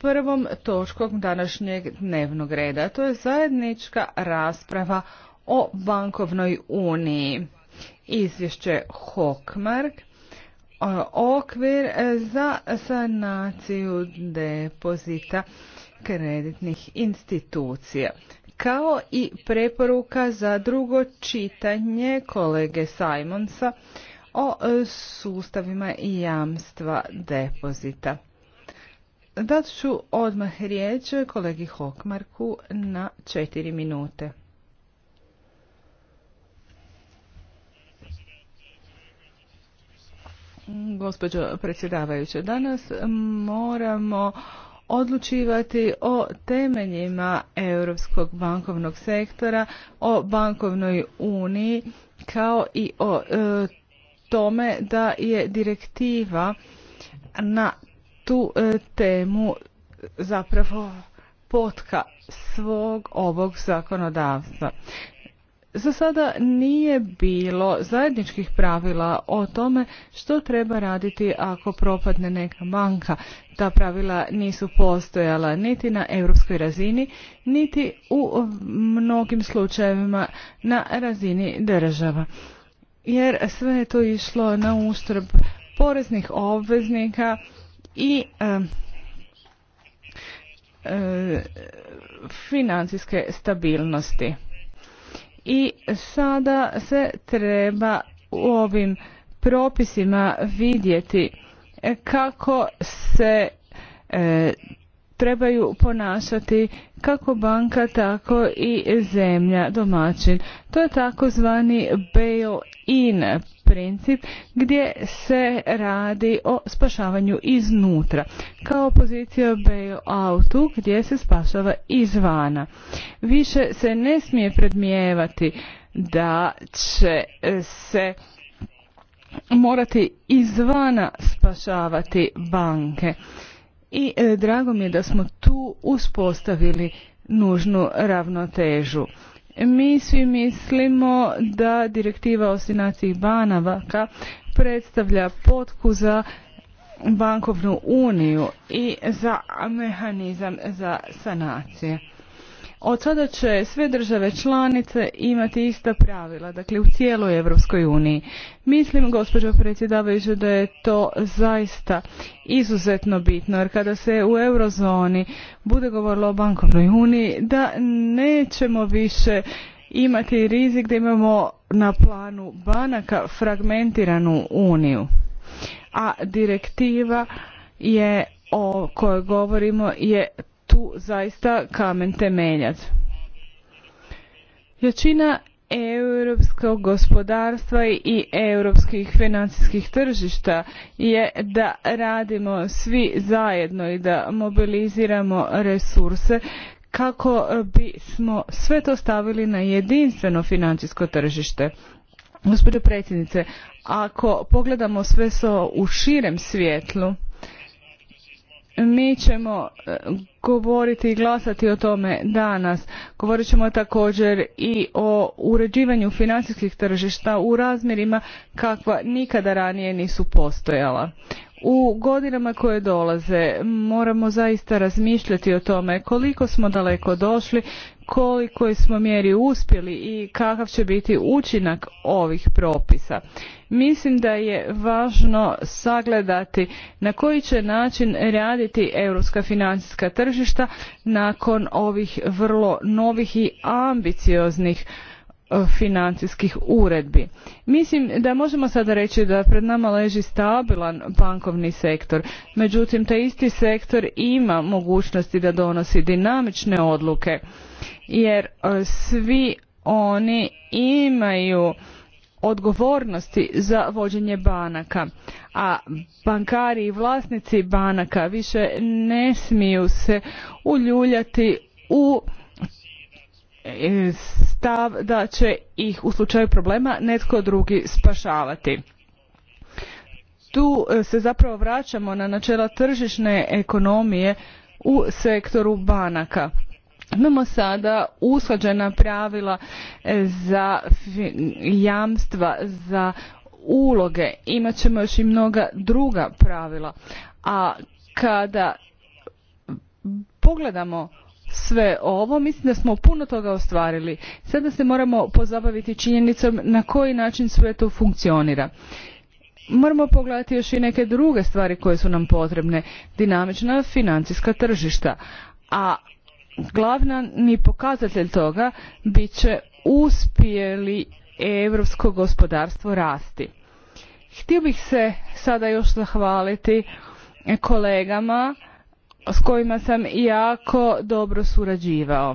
prvom točkom današnjeg dnevnog reda. To je zajednička rasprava o bankovnoj uniji. Izvješće Hokmark, e, okvir za sanaciju depozita kreditnih institucija kao i preporuka za drugo čitanje kolege Simonsa o sustavima i jamstva depozita. Dat ću odmah riječ kolegi Hokmarku na četiri minute. Gospođo predsjedavajuće, danas moramo odlučivati o temeljima europskog bankovnog sektora, o bankovnoj uniji kao i o e, tome da je direktiva na tu e, temu zapravo potka svog ovog zakonodavstva. Za sada nije bilo zajedničkih pravila o tome što treba raditi ako propadne neka banka. Ta pravila nisu postojala niti na europskoj razini, niti u mnogim slučajevima na razini država. Jer sve je to išlo na uštrb poreznih obveznika i financijske stabilnosti. I sada se treba u ovim propisima vidjeti kako se trebaju ponašati kako banka, tako i zemlja domaćin. To je takozvani bail-in princip gdje se radi o spašavanju iznutra, kao opozicija bail-outu gdje se spašava izvana. Više se ne smije predmijevati da će se morati izvana spašavati banke i e, drago mi je da smo tu uspostavili nužnu ravnotežu. Mi svi mislimo da direktiva o sinaciji banavaka predstavlja potku za bankovnu uniju i za mehanizam za sanacije. Od sada će sve države članice imati ista pravila, dakle u cijeloj Europskoj uniji. Mislim, gospođo predsjedavajuća, da je to zaista izuzetno bitno, jer kada se u eurozoni bude govorilo o bankovnoj uniji, da nećemo više imati rizik da imamo na planu banaka fragmentiranu uniju. A direktiva je o kojoj govorimo je zaista kamen temeljac. Jačina europskog gospodarstva i europskih financijskih tržišta je da radimo svi zajedno i da mobiliziramo resurse kako bismo sve to stavili na jedinstveno financijsko tržište. Gospođo predsjednice, ako pogledamo sve so u širem svjetlu, mi ćemo e, govoriti i glasati o tome danas. Govorit ćemo također i o uređivanju financijskih tržišta u razmjerima kakva nikada ranije nisu postojala. U godinama koje dolaze moramo zaista razmišljati o tome koliko smo daleko došli, koliko smo mjeri uspjeli i kakav će biti učinak ovih propisa mislim da je važno sagledati na koji će način raditi europska financijska tržišta nakon ovih vrlo novih i ambicioznih e, financijskih uredbi. Mislim da možemo sada reći da pred nama leži stabilan bankovni sektor, međutim taj isti sektor ima mogućnosti da donosi dinamične odluke jer e, svi oni imaju odgovornosti za vođenje banaka a bankari i vlasnici banaka više ne smiju se uljuljati u e, stav da će ih u slučaju problema netko drugi spašavati tu e, se zapravo vraćamo na načela tržišne ekonomije u sektoru banaka Imamo sada usklađena pravila e, za jamstva za uloge, imat ćemo još i mnoga druga pravila. A kada pogledamo sve ovo, mislim da smo puno toga ostvarili. Sada se moramo pozabaviti činjenicom na koji način sve to funkcionira. Moramo pogledati još i neke druge stvari koje su nam potrebne. Dinamična financijska tržišta. A glavni pokazatelj toga bit će li europsko gospodarstvo rasti. Htio bih se sada još zahvaliti kolegama s kojima sam jako dobro surađivao.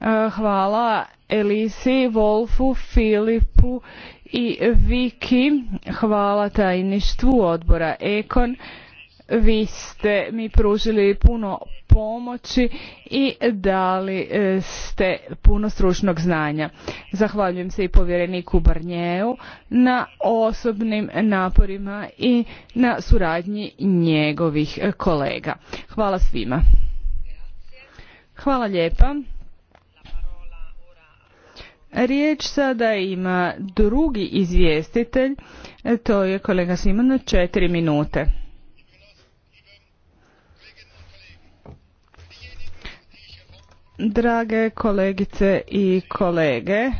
E, hvala Elisi, Wolfu, Filipu i Viki. Hvala tajništvu odbora Ekon vi ste mi pružili puno pomoći i dali e, ste puno stručnog znanja. Zahvaljujem se i povjereniku Barnjeju na osobnim naporima i na suradnji njegovih kolega. Hvala svima. Hvala lijepa. Riječ sada ima drugi izvjestitelj, e, to je kolega Simon, četiri minute. Drage kolegice i kolege,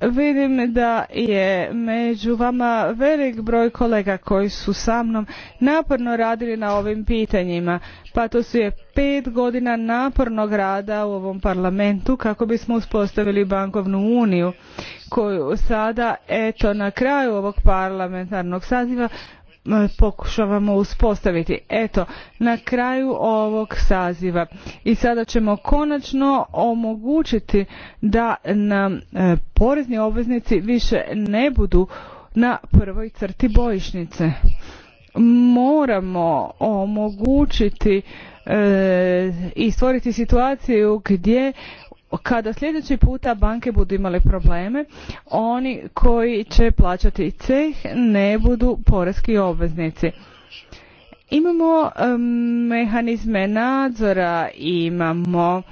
vidim da je među vama velik broj kolega koji su sa mnom naporno radili na ovim pitanjima. Pa to su je pet godina napornog rada u ovom parlamentu kako bismo uspostavili bankovnu uniju koju sada eto na kraju ovog parlamentarnog saziva pokušavamo uspostaviti. Eto, na kraju ovog saziva i sada ćemo konačno omogućiti da nam e, porezni obveznici više ne budu na prvoj crti bojišnice. Moramo omogućiti e, i stvoriti situaciju gdje kada sljedeći puta banke budu imale probleme, oni koji će plaćati ceh ne budu poreski obveznici. Imamo mehanizme nadzora, imamo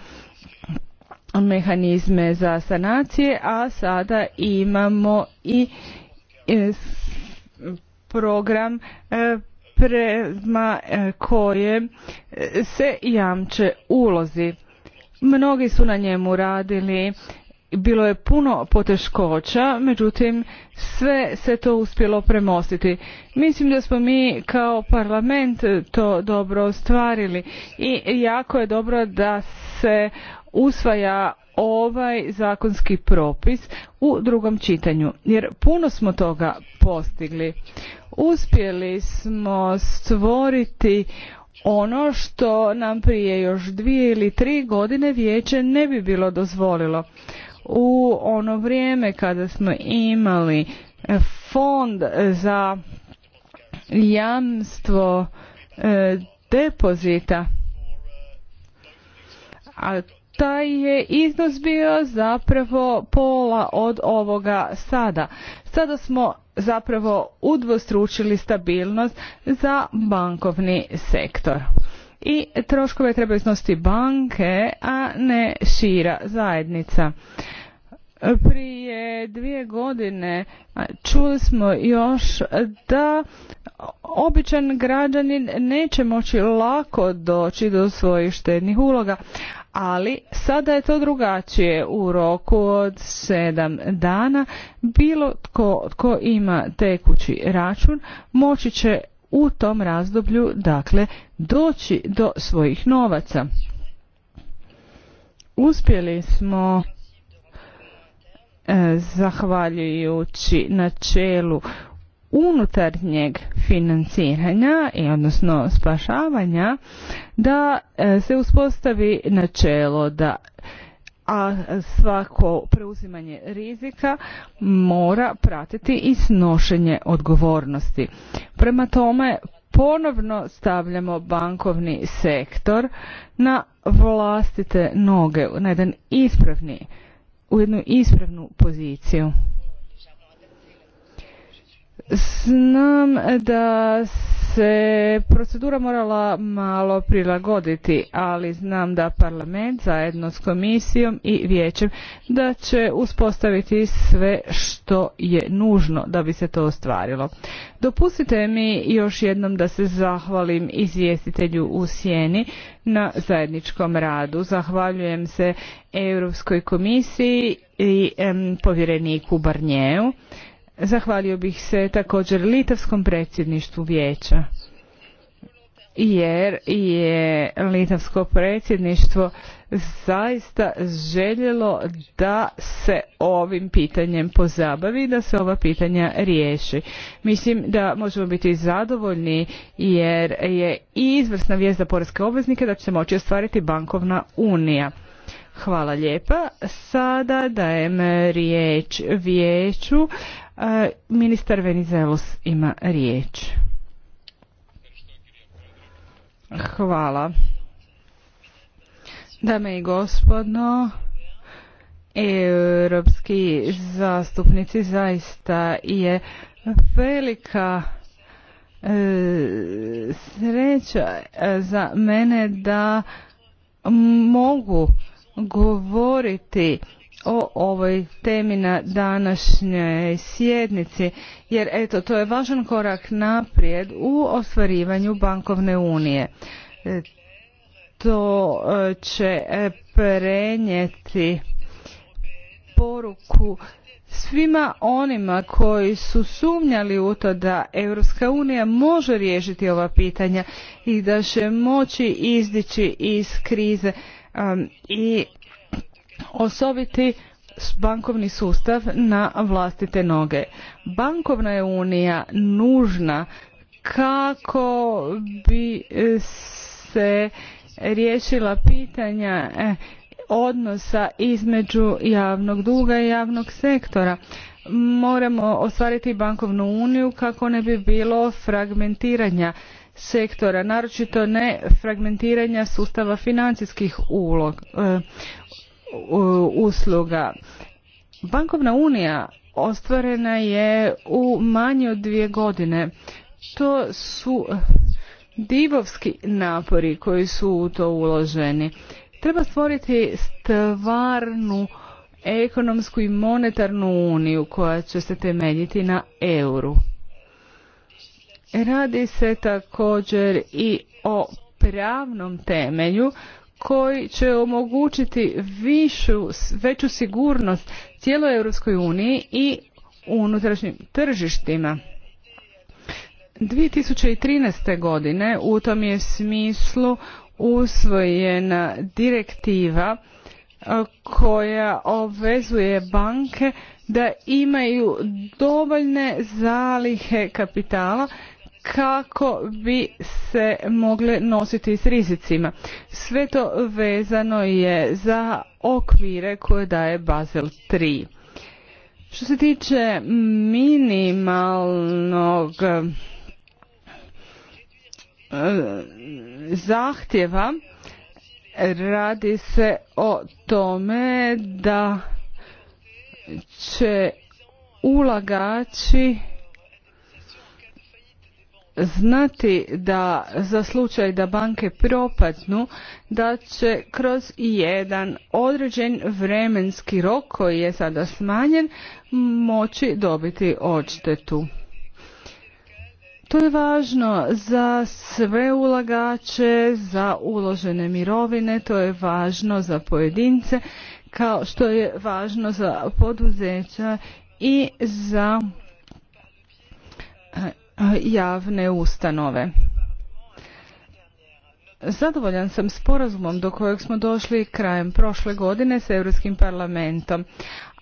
mehanizme za sanacije, a sada imamo i e, program e, prema e, koje se jamče ulozi. Mnogi su na njemu radili, bilo je puno poteškoća, međutim sve se to uspjelo premostiti. Mislim da smo mi kao parlament to dobro ostvarili i jako je dobro da se usvaja ovaj zakonski propis u drugom čitanju jer puno smo toga postigli. Uspjeli smo stvoriti ono što nam prije još dvije ili tri godine vijeće ne bi bilo dozvolilo. U ono vrijeme kada smo imali fond za jamstvo e, depozita, a taj je iznos bio zapravo pola od ovoga sada. Sada smo zapravo udvostručili stabilnost za bankovni sektor. I troškove trebaju iznositi banke, a ne šira zajednica prije dvije godine čuli smo još da običan građanin neće moći lako doći do svojih štednih uloga ali sada je to drugačije u roku od sedam dana bilo tko tko ima tekući račun moći će u tom razdoblju dakle doći do svojih novaca uspjeli smo E, zahvaljujući načelu unutarnjeg financiranja i odnosno spašavanja da e, se uspostavi načelo da a svako preuzimanje rizika mora pratiti i snošenje odgovornosti. Prema tome ponovno stavljamo bankovni sektor na vlastite noge na jedan ispravni u jednu ispravnu poziciju. Znam da se procedura morala malo prilagoditi, ali znam da parlament zajedno s komisijom i vijećem da će uspostaviti sve što je nužno da bi se to ostvarilo. Dopustite mi još jednom da se zahvalim izvjestitelju u Sjeni na zajedničkom radu. Zahvaljujem se Europskoj komisiji i povjereniku Barnjeju Zahvalio bih se također Litavskom predsjedništvu vijeća jer je Litavsko predsjedništvo zaista željelo da se ovim pitanjem pozabavi, da se ova pitanja riješi. Mislim da možemo biti zadovoljni jer je izvrsna vijest za porezke obveznike da će se moći ostvariti bankovna unija. Hvala lijepa. Sada dajem riječ vijeću E, ministar Venizelos ima riječ. Hvala. Dame i gospodno, europski zastupnici zaista je velika e, sreća za mene da mogu govoriti o ovoj temi na današnjoj sjednici jer eto to je važan korak naprijed u ostvarivanju bankovne unije. E, to e, će e, prenijeti poruku svima onima koji su sumnjali u to da Europska unija može riješiti ova pitanja i da će moći izdići iz krize i osobiti bankovni sustav na vlastite noge. Bankovna je unija nužna kako bi se riješila pitanja e, odnosa između javnog duga i javnog sektora. Moramo ostvariti bankovnu uniju kako ne bi bilo fragmentiranja sektora, naročito ne fragmentiranja sustava financijskih uloga. E, usluga. Bankovna unija ostvarena je u manje od dvije godine. To su divovski napori koji su u to uloženi. Treba stvoriti stvarnu ekonomsku i monetarnu uniju koja će se temeljiti na euru. Radi se također i o pravnom temelju koji će omogućiti veću sigurnost cijeloj Europskoj uniji i unutrašnjim tržištima. 2013. godine u tom je smislu usvojena direktiva koja obvezuje banke da imaju dovoljne zalihe kapitala kako bi se mogle nositi s rizicima. Sve to vezano je za okvire koje daje Basel 3. Što se tiče minimalnog eh, zahtjeva, radi se o tome da će ulagači znati da za slučaj da banke propadnu da će kroz jedan određen vremenski rok koji je sada smanjen moći dobiti odštetu. To je važno za sve ulagače, za uložene mirovine, to je važno za pojedince kao što je važno za poduzeća i za javne ustanove. Zadovoljan sam sporazumom do kojeg smo došli krajem prošle godine s Europskim parlamentom,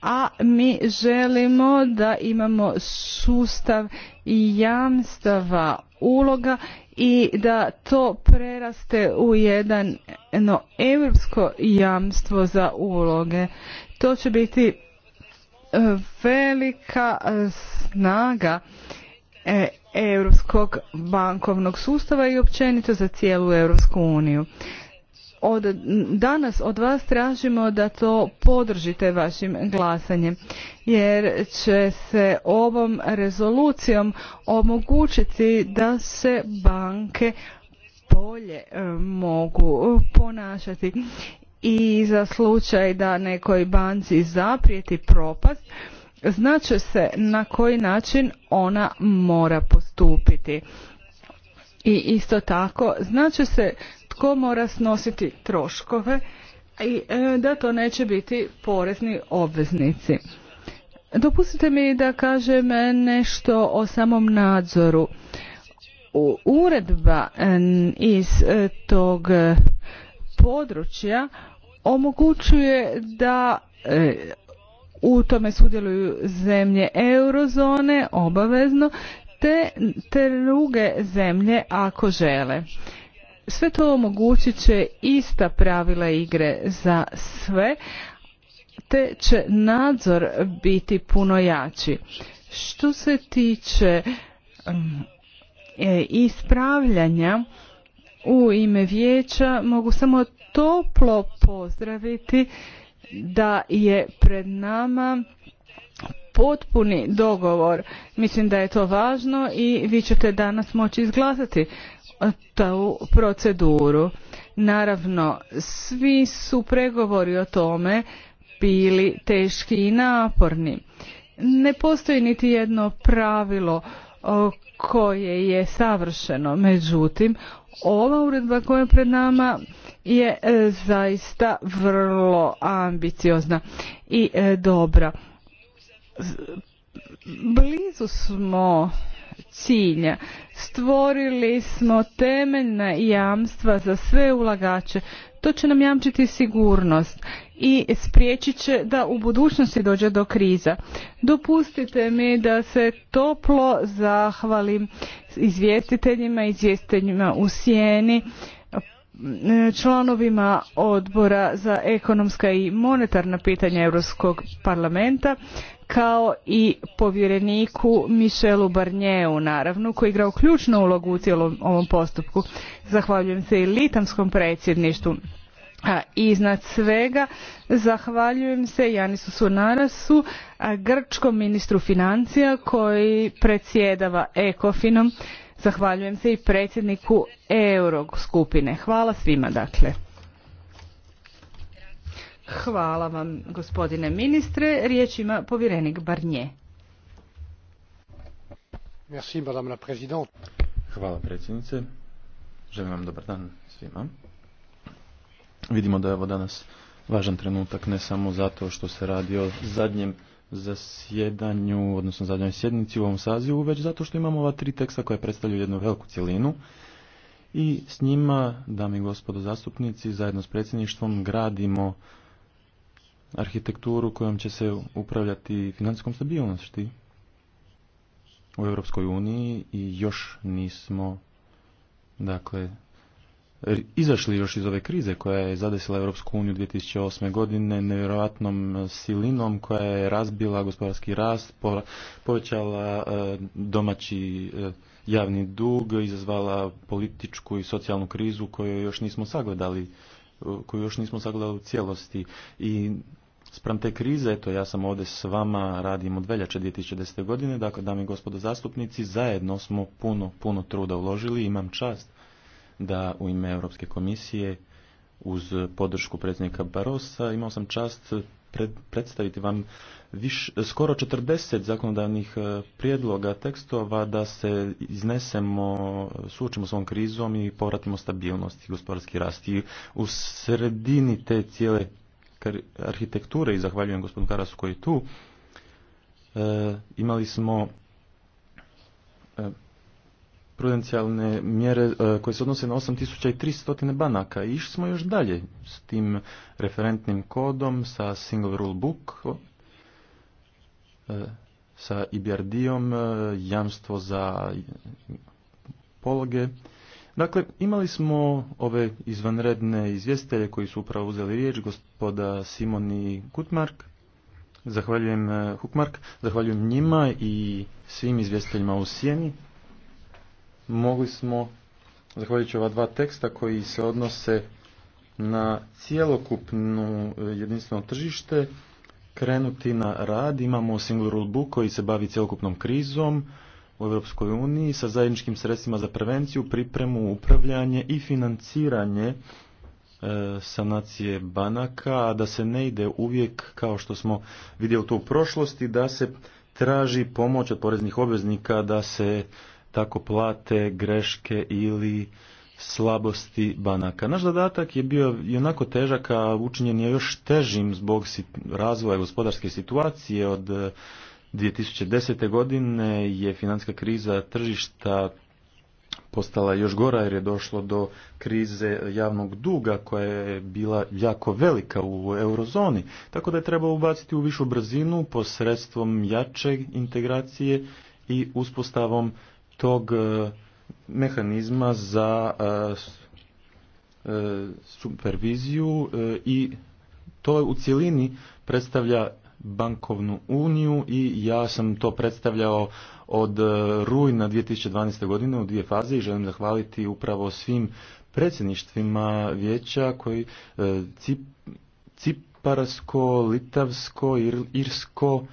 a mi želimo da imamo sustav i jamstava uloga i da to preraste u jedan europsko jamstvo za uloge. To će biti e, velika e, snaga e, europskog bankovnog sustava i općenito za cijelu Europsku uniju. Od danas od vas tražimo da to podržite vašim glasanjem jer će se ovom rezolucijom omogućiti da se banke bolje e, mogu ponašati i za slučaj da nekoj banci zaprijeti propast će se na koji način ona mora postupiti. I isto tako će se tko mora snositi troškove i e, da to neće biti porezni obveznici. Dopustite mi da kažem nešto o samom nadzoru. Uredba e, iz e, tog područja omogućuje da u tome sudjeluju zemlje eurozone obavezno te, te druge zemlje ako žele. Sve to omogućit će ista pravila igre za sve, te će nadzor biti puno jači. Što se tiče mm, e, ispravljanja u ime vijeća, mogu samo toplo pozdraviti da je pred nama potpuni dogovor. Mislim da je to važno i vi ćete danas moći izglasati tu proceduru. Naravno, svi su pregovori o tome bili teški i naporni. Ne postoji niti jedno pravilo koje je savršeno, međutim ova uredba koja je pred nama je e, zaista vrlo ambiciozna i e, dobra. Blizu smo cilja. Stvorili smo temeljna jamstva za sve ulagače to će nam jamčiti sigurnost i spriječit će da u budućnosti dođe do kriza. Dopustite mi da se toplo zahvalim izvjestiteljima i izvjestiteljima u sjeni članovima odbora za ekonomska i monetarna pitanja Europskog parlamenta kao i povjereniku Michelu Barnjeu naravno, koji je igrao ključnu ulogu u cijelom ovom postupku. Zahvaljujem se i litamskom predsjedništvu. A iznad svega zahvaljujem se Janisu Sunarasu, grčkom ministru financija koji predsjedava ecofinom Zahvaljujem se i predsjedniku Eurog skupine. Hvala svima dakle. Hvala vam, gospodine ministre. Riječ ima povjerenik Barnje. Merci, Hvala, predsjednice. Želim vam dobar dan svima. Vidimo da je ovo danas važan trenutak, ne samo zato što se radi o zadnjem zasjedanju, odnosno zadnjoj sjednici u ovom sazivu, već zato što imamo ova tri teksta koja predstavljaju jednu veliku cjelinu. I s njima, dame i gospodo zastupnici, zajedno s predsjedništvom gradimo arhitekturu kojom će se upravljati financijskom stabilnosti u Europskoj uniji i još nismo dakle izašli još iz ove krize koja je zadesila Europsku uniju 2008. godine nevjerojatnom silinom koja je razbila gospodarski rast, povećala e, domaći e, javni dug, izazvala političku i socijalnu krizu koju još nismo sagledali koju još nismo sagledali u cijelosti i Sprem te krize, eto ja sam ovdje s vama, radim od veljače 2010. godine, dakle dame i gospodo zastupnici, zajedno smo puno, puno truda uložili, imam čast da u ime Europske komisije uz podršku predsjednika Barosa imao sam čast predstaviti vam viš, skoro 40 zakonodavnih e, prijedloga tekstova da se iznesemo, suočimo s ovom krizom i povratimo stabilnost i gospodarski rast. I u sredini te cijele arhitekture i zahvaljujem gospodinu Karasu koji je tu, e, imali smo e, prudencijalne mjere e, koje se odnose na 8300 banaka. Išli smo još dalje s tim referentnim kodom, sa single rule book, e, sa IBRD-om, e jamstvo za pologe Dakle, imali smo ove izvanredne izvjestitelje koji su upravo uzeli riječ, gospoda Simon i Zahvaljujem eh, Hukmark, zahvaljujem njima i svim izvjestiteljima u Sjeni. Mogli smo, zahvaljujući ova dva teksta koji se odnose na cjelokupno eh, jedinstveno tržište, krenuti na rad. Imamo single rule book koji se bavi cjelokupnom krizom, u Europskoj uniji sa zajedničkim sredstvima za prevenciju, pripremu, upravljanje i financiranje e, sanacije banaka, a da se ne ide uvijek kao što smo vidjeli to u prošlosti, da se traži pomoć od poreznih obveznika da se tako plate greške ili slabosti banaka. Naš zadatak je bio onako težak, a učinjen je još težim zbog razvoja gospodarske situacije od 2010. godine je financijska kriza tržišta postala još gora jer je došlo do krize javnog duga koja je bila jako velika u eurozoni. Tako da je treba ubaciti u višu brzinu posredstvom jače integracije i uspostavom tog e, mehanizma za e, e, superviziju i to u cjelini predstavlja bankovnu uniju i ja sam to predstavljao od e, rujna 2012. godine u dvije faze i želim zahvaliti upravo svim predsjedništvima vijeća koji e, cip, Ciparsko, Litavsko, Irsko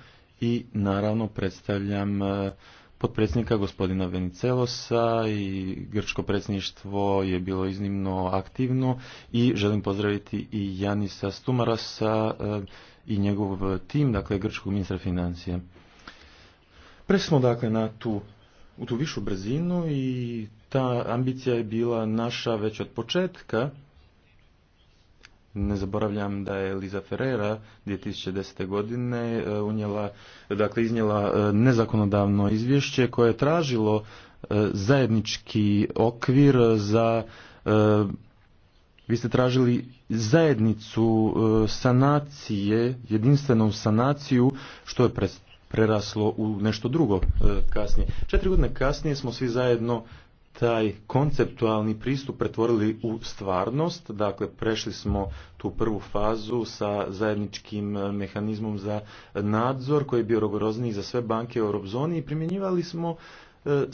i naravno predstavljam e, potpredsjednika gospodina Venicelosa i grčko predsjedništvo je bilo iznimno aktivno i želim pozdraviti i Janisa Stumarasa i njegov e, tim, dakle grčkog ministra financije. Prešli smo dakle na tu, u tu višu brzinu i ta ambicija je bila naša već od početka. Ne zaboravljam da je Liza Ferreira 2010. godine e, unjela dakle iznijela e, nezakonodavno izvješće koje je tražilo zajednički okvir za vi ste tražili zajednicu e, sanacije, jedinstvenu sanaciju, što je preraslo u nešto drugo e, kasnije. Četiri godine kasnije smo svi zajedno taj konceptualni pristup pretvorili u stvarnost, dakle prešli smo tu prvu fazu sa zajedničkim e, mehanizmom za nadzor koji je bio rogorozniji za sve banke u Europzoni i primjenjivali smo E,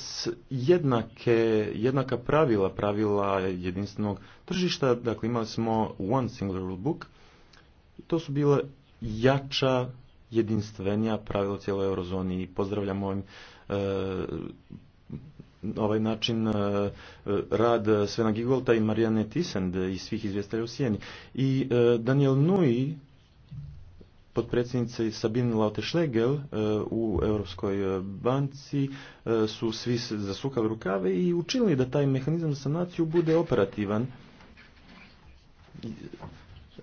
jednake, jednaka pravila, pravila jedinstvenog tržišta. Dakle, imali smo one single rule book. To su bile jača, jedinstvenija pravila cijeloj eurozoni i pozdravljam ovim e, ovaj način e, rad Svena Gigolta i Marijane Tisend i svih izvjestelja u Sijeni. I Daniel Nui potpredsjednice Sabine Schlegel e, u Europskoj e, banci e, su svi zasukali rukave i učinili da taj mehanizam za sanaciju bude operativan.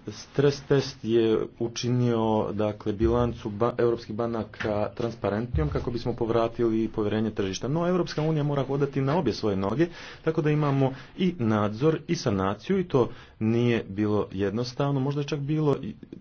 Stres test je učinio dakle, bilancu ba europskih banaka transparentnijom kako bismo povratili povjerenje tržišta. No, Europska unija mora hodati na obje svoje noge, tako da imamo i nadzor i sanaciju i to nije bilo jednostavno, možda je čak bilo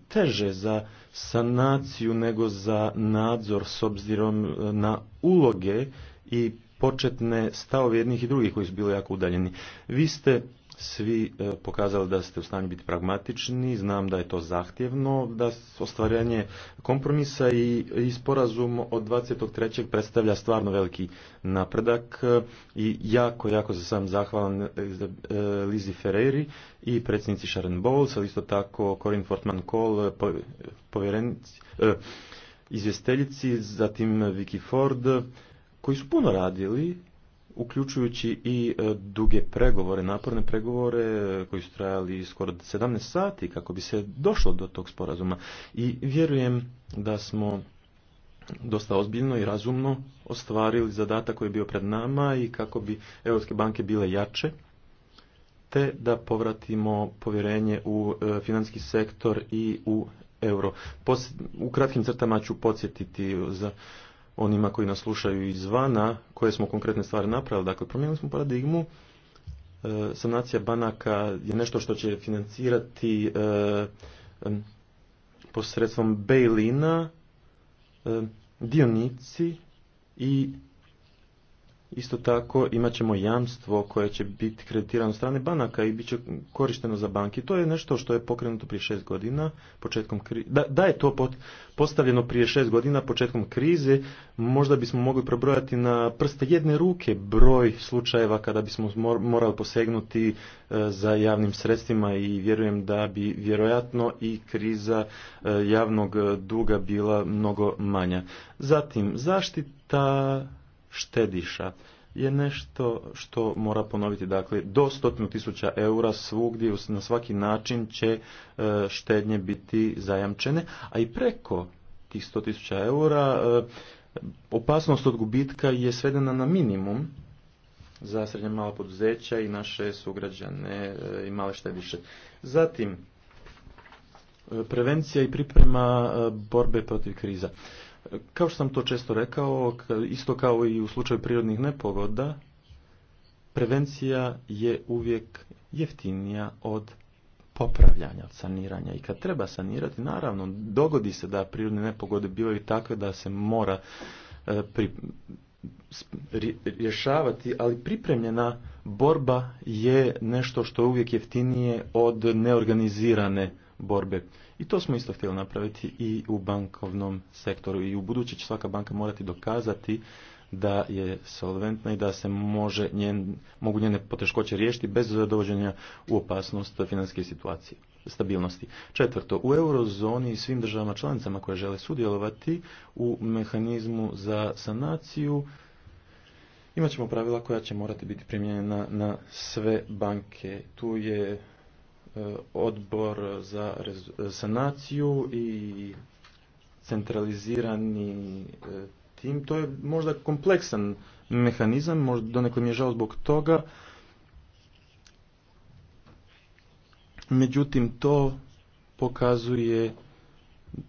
teže za sanaciju nego za nadzor s obzirom e, na uloge i početne stavove jednih i drugih koji su bili jako udaljeni. Vi ste svi e, pokazali da ste u stanju biti pragmatični, znam da je to zahtjevno, da ostvarenje kompromisa i, sporazum od 23. predstavlja stvarno veliki napredak e, i jako, jako se sam zahvalan e, Lizi Ferreri i predsjednici Sharon Bowles, ali isto tako Corin Fortman Cole, povjerenici, izvjesteljici, zatim Vicky Ford, koji su puno radili uključujući i e, duge pregovore, naporne pregovore e, koji su trajali skoro 17 sati kako bi se došlo do tog sporazuma. I vjerujem da smo dosta ozbiljno i razumno ostvarili zadatak koji je bio pred nama i kako bi europske banke bile jače te da povratimo povjerenje u e, financijski sektor i u euro. U kratkim crtama ću podsjetiti za onima koji nas slušaju izvana koje smo konkretne stvari napravili. Dakle, promijenili smo paradigmu. E, sanacija banaka je nešto što će financirati e, posredstvom bailina e, dionici i Isto tako imat ćemo jamstvo koje će biti kreditirano strane banaka i bit će korišteno za banki. To je nešto što je pokrenuto prije šest godina, početkom krize. Da, da, je to postavljeno prije šest godina, početkom krize, možda bismo mogli probrojati na prste jedne ruke broj slučajeva kada bismo morali posegnuti e, za javnim sredstvima i vjerujem da bi vjerojatno i kriza e, javnog e, duga bila mnogo manja. Zatim, zaštita štediša je nešto što mora ponoviti. Dakle, do 100.000 tisuća eura svugdje na svaki način će e, štednje biti zajamčene, a i preko tih sto tisuća eura e, opasnost od gubitka je svedena na minimum za srednje mala poduzeća i naše sugrađane e, i male štediše. Zatim, prevencija i priprema borbe protiv kriza. Kao što sam to često rekao, isto kao i u slučaju prirodnih nepogoda, prevencija je uvijek jeftinija od popravljanja, od saniranja. I kad treba sanirati, naravno, dogodi se da prirodne nepogode bivaju takve da se mora e, rješavati, ali pripremljena borba je nešto što je uvijek jeftinije od neorganizirane borbe. I to smo isto htjeli napraviti i u bankovnom sektoru. I u budući će svaka banka morati dokazati da je solventna i da se može njen, mogu njene poteškoće riješiti bez dovođenja u opasnost financijske situacije stabilnosti. Četvrto, u eurozoni i svim državama članicama koje žele sudjelovati u mehanizmu za sanaciju imat ćemo pravila koja će morati biti primijenjena na sve banke. Tu je odbor za sanaciju i centralizirani e, tim. To je možda kompleksan mehanizam, možda donekle mi je žao zbog toga. Međutim, to pokazuje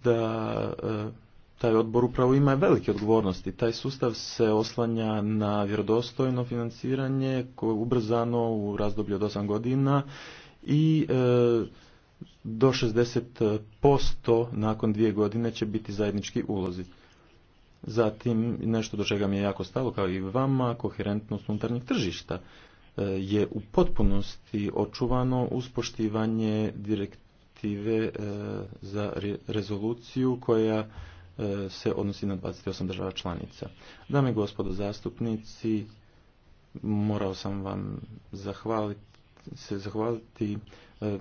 da e, taj odbor upravo ima velike odgovornosti. Taj sustav se oslanja na vjerodostojno financiranje koje je ubrzano u razdoblju od 8 godina i e, do 60% nakon dvije godine će biti zajednički ulozi. Zatim, nešto do čega mi je jako stalo, kao i vama, koherentnost unutarnjeg tržišta e, je u potpunosti očuvano uz poštivanje direktive e, za rezoluciju koja se odnosi na 28 država članica. Dame i gospodo zastupnici, morao sam vam zahvaliti se zahvaliti e,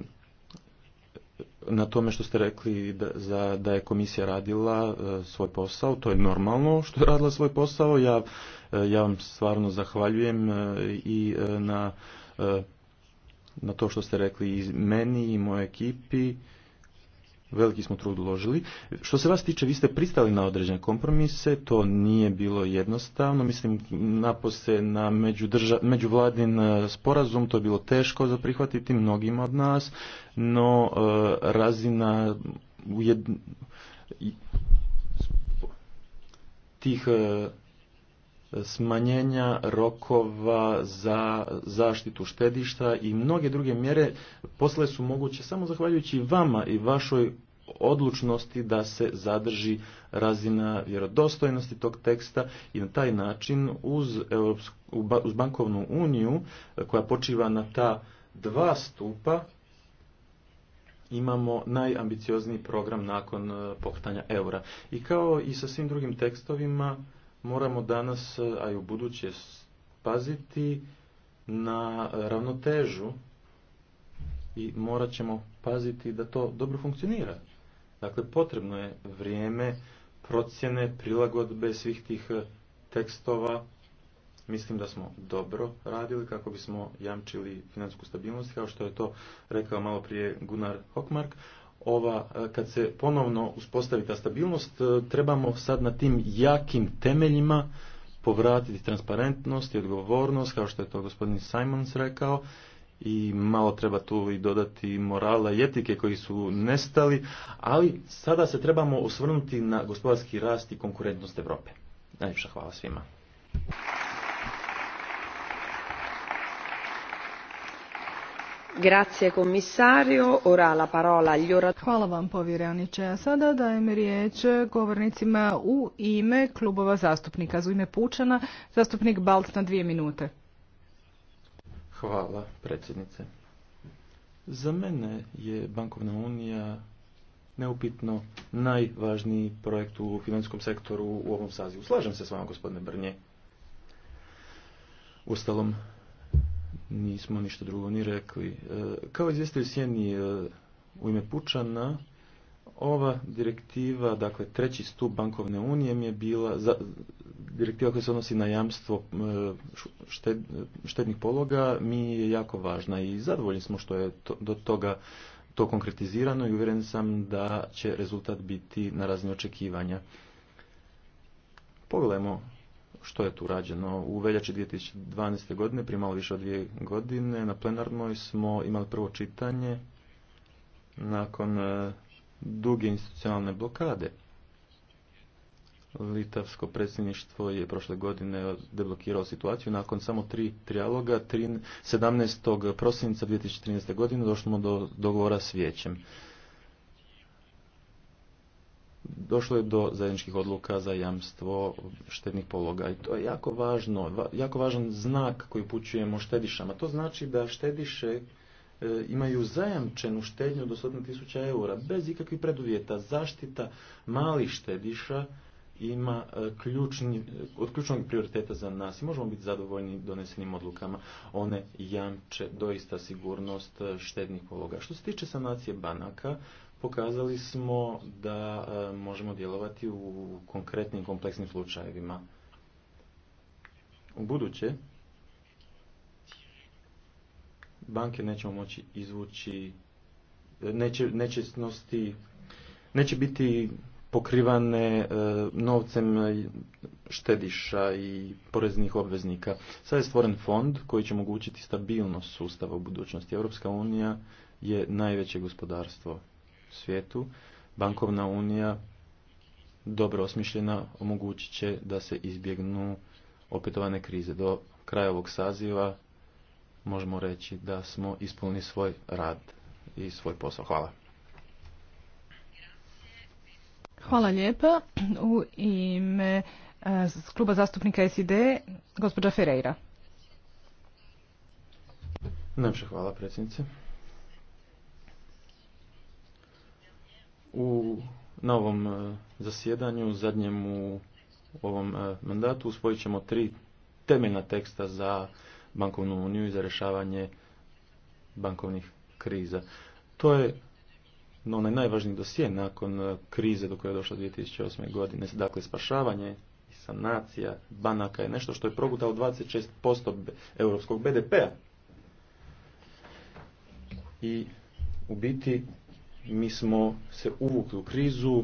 na tome što ste rekli da, za, da je komisija radila e, svoj posao, to je normalno što je radila svoj posao, ja, e, ja vam stvarno zahvaljujem i na, na to što ste rekli i meni i mojoj ekipi veliki smo trud uložili. Što se vas tiče, vi ste pristali na određene kompromise, to nije bilo jednostavno, mislim napose na međuvladin e, sporazum, to je bilo teško za prihvatiti mnogima od nas, no e, razina tih e, smanjenja rokova za zaštitu štedišta i mnoge druge mjere posle su moguće samo zahvaljujući vama i vašoj odlučnosti da se zadrži razina vjerodostojnosti tog teksta i na taj način uz, Europsku, bankovnu uniju koja počiva na ta dva stupa imamo najambiciozniji program nakon eh, pokretanja eura. I kao i sa svim drugim tekstovima moramo danas, e, a i u buduće, paziti na ravnotežu i morat ćemo paziti da to dobro funkcionira. Dakle, potrebno je vrijeme, procjene, prilagodbe svih tih e, tekstova. Mislim da smo dobro radili kako bismo jamčili financijsku stabilnost, kao što je to rekao malo prije Gunnar Hockmark, ova, e, kad se ponovno uspostavi ta stabilnost, e, trebamo sad na tim jakim temeljima povratiti transparentnost i odgovornost, kao što je to gospodin Simons rekao, i malo treba tu i dodati morala i etike koji su nestali, ali sada se trebamo osvrnuti na gospodarski rast i konkurentnost Europe. Najljepša hvala svima. Hvala vam povjereniče. A sada dajem riječ govornicima u ime klubova zastupnika. Za ime Pučana, zastupnik Balt na dvije minute. Hvala predsjednice. Za mene je Bankovna unija neupitno najvažniji projekt u financijskom sektoru u ovom sazivu. Slažem se s vama gospodine Brnje. Ustalom, nismo ništa drugo ni rekli. E, kao izvjestitelj Sjeni e, u ime Pučana, ova direktiva, dakle treći stup bankovne unije mi je bila direktiva koja se odnosi na jamstvo e, štednih pologa mi je jako važna i zadovoljni smo što je do toga to konkretizirano i uvjeren sam da će rezultat biti na razini očekivanja. Pogledajmo što je tu rađeno. U veljači 2012. godine, prije malo više od dvije godine, na plenarnoj smo imali prvo čitanje nakon e, duge institucionalne blokade. Litavsko predsjedništvo je prošle godine deblokirao situaciju. Nakon samo tri trijaloga, 17. prosinca 2013. godine došlo do dogovora s vijećem došlo je do zajedničkih odluka za jamstvo štednih pologa i to je jako važno, jako važan znak koji upućujemo štedišama. To znači da štediše e, imaju zajamčenu štednju do 100.000 eura bez ikakvih preduvjeta. Zaštita malih štediša ima e, ključni, od ključnog prioriteta za nas i možemo biti zadovoljni donesenim odlukama. One jamče doista sigurnost e, štednih pologa. Što se tiče sanacije banaka, pokazali smo da e, možemo djelovati u konkretnim kompleksnim slučajevima. U buduće banke nećemo moći izvući, e, neće, snosti, neće biti pokrivane e, novcem štediša i poreznih obveznika. Sad je stvoren fond koji će omogućiti stabilnost sustava u budućnosti. Europska unija je najveće gospodarstvo svijetu, bankovna unija dobro osmišljena omogućit će da se izbjegnu opetovane krize. Do kraja ovog saziva možemo reći da smo ispunili svoj rad i svoj posao. Hvala. Hvala lijepa. U ime e, kluba zastupnika SID, gospođa Ferreira. Najpše hvala predsjednice. U novom e, zasjedanju, zadnjem u ovom e, mandatu, usvojit ćemo tri temeljna teksta za bankovnu uniju i za rješavanje bankovnih kriza. To je onaj najvažniji dosije nakon e, krize do koje je došlo 2008. godine. Dakle, spašavanje i sanacija banaka je nešto što je progutao 26% europskog BDP-a. I u biti mi smo se uvukli u krizu,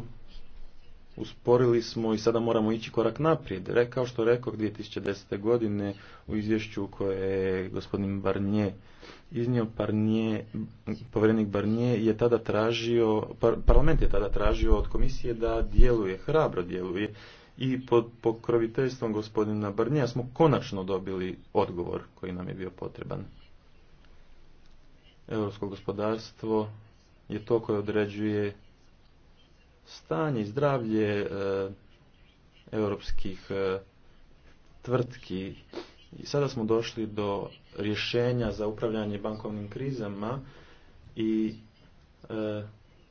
usporili smo i sada moramo ići korak naprijed. Kao što rekao 2010. godine u izvješću koje je gospodin Barnje iznio, Barnje, povjerenik Barnje je tada tražio, parlament je tada tražio od komisije da djeluje, hrabro djeluje i pod pokroviteljstvom gospodina Barnija smo konačno dobili odgovor koji nam je bio potreban. Europsko gospodarstvo je to koje određuje stanje i zdravlje eh, europskih eh, tvrtki. I sada smo došli do rješenja za upravljanje bankovnim krizama i eh,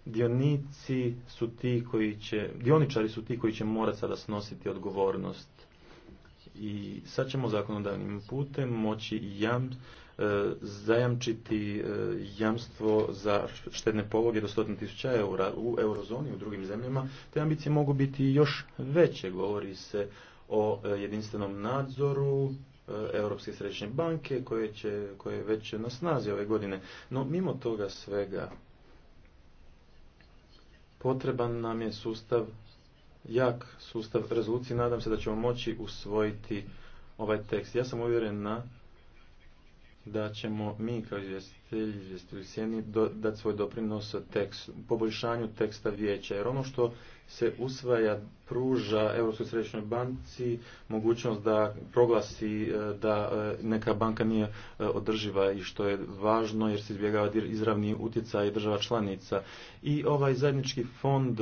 dionici su ti koji će, dioničari su ti koji će morati sada snositi odgovornost. I sad ćemo zakonodavnim putem moći jam, E, zajamčiti e, jamstvo za štedne pologe do 100.000 eura u eurozoni i u drugim zemljama. Te ambicije mogu biti još veće, govori se o e, jedinstvenom nadzoru Europske središnje banke koje, će, koje je već na snazi ove godine. No mimo toga svega potreban nam je sustav, jak sustav rezolucije. Nadam se da ćemo moći usvojiti ovaj tekst. Ja sam uvjeren na da ćemo mi kao izvjestitelji, izvjestitelji sjeni dati svoj doprinos tekst poboljšanju teksta vijeća. Jer ono što se usvaja pruža Europskoj središnjoj banci mogućnost da proglasi e, da e, neka banka nije e, održiva i što je važno jer se izbjegava izravni utjecaj država članica. I ovaj zajednički fond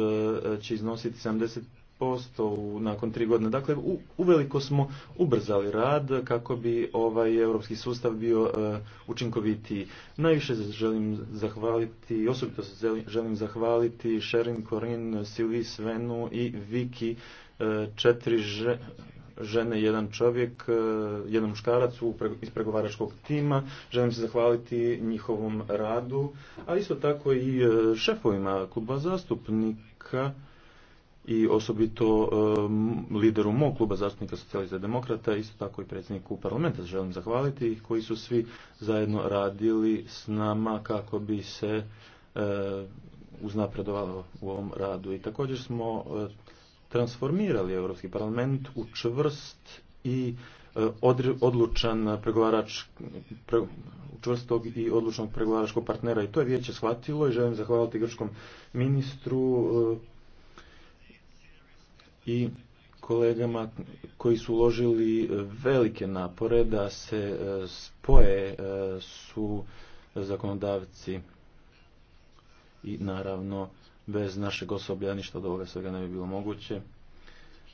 će iznositi 70 posto nakon tri godine. Dakle, u, uveliko smo ubrzali rad kako bi ovaj europski sustav bio e, učinkovitiji. Najviše želim zahvaliti, osobito želim zahvaliti Sherin, Korin, Silvi, Svenu i Viki, e, četiri žene, jedan čovjek, jednom jedan muškarac iz pregovaračkog tima. Želim se zahvaliti njihovom radu, a isto tako i e, šefovima kluba zastupnika i osobito lideru mog kluba zastupnika socijalista demokrata, isto tako i predsjedniku parlamenta želim zahvaliti, koji su svi zajedno radili s nama kako bi se uznapredovalo u ovom radu. I također smo transformirali Europski parlament u čvrst i odlučan pregovarač, čvrstog i odlučnog pregovaračkog partnera i to je vijeće shvatilo i želim zahvaliti grčkom ministru i kolegama koji su uložili e, velike napore da se e, spoje e, su zakonodavci i naravno bez našeg osoblja ništa od ovoga svega ne bi bilo moguće.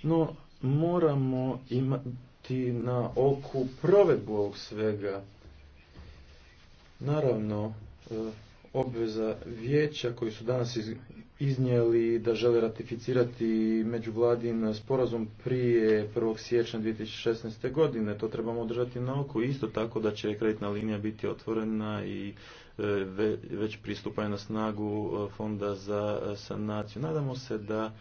No, moramo imati na oku provedbu ovog svega. Naravno, obveza vijeća koji su danas iznijeli da žele ratificirati međuvladin sporazum prije 1. siječnja 2016. godine. To trebamo održati na oku. Isto tako da će kreditna linija biti otvorena i e, već pristupaju na snagu e, fonda za sanaciju. Nadamo se da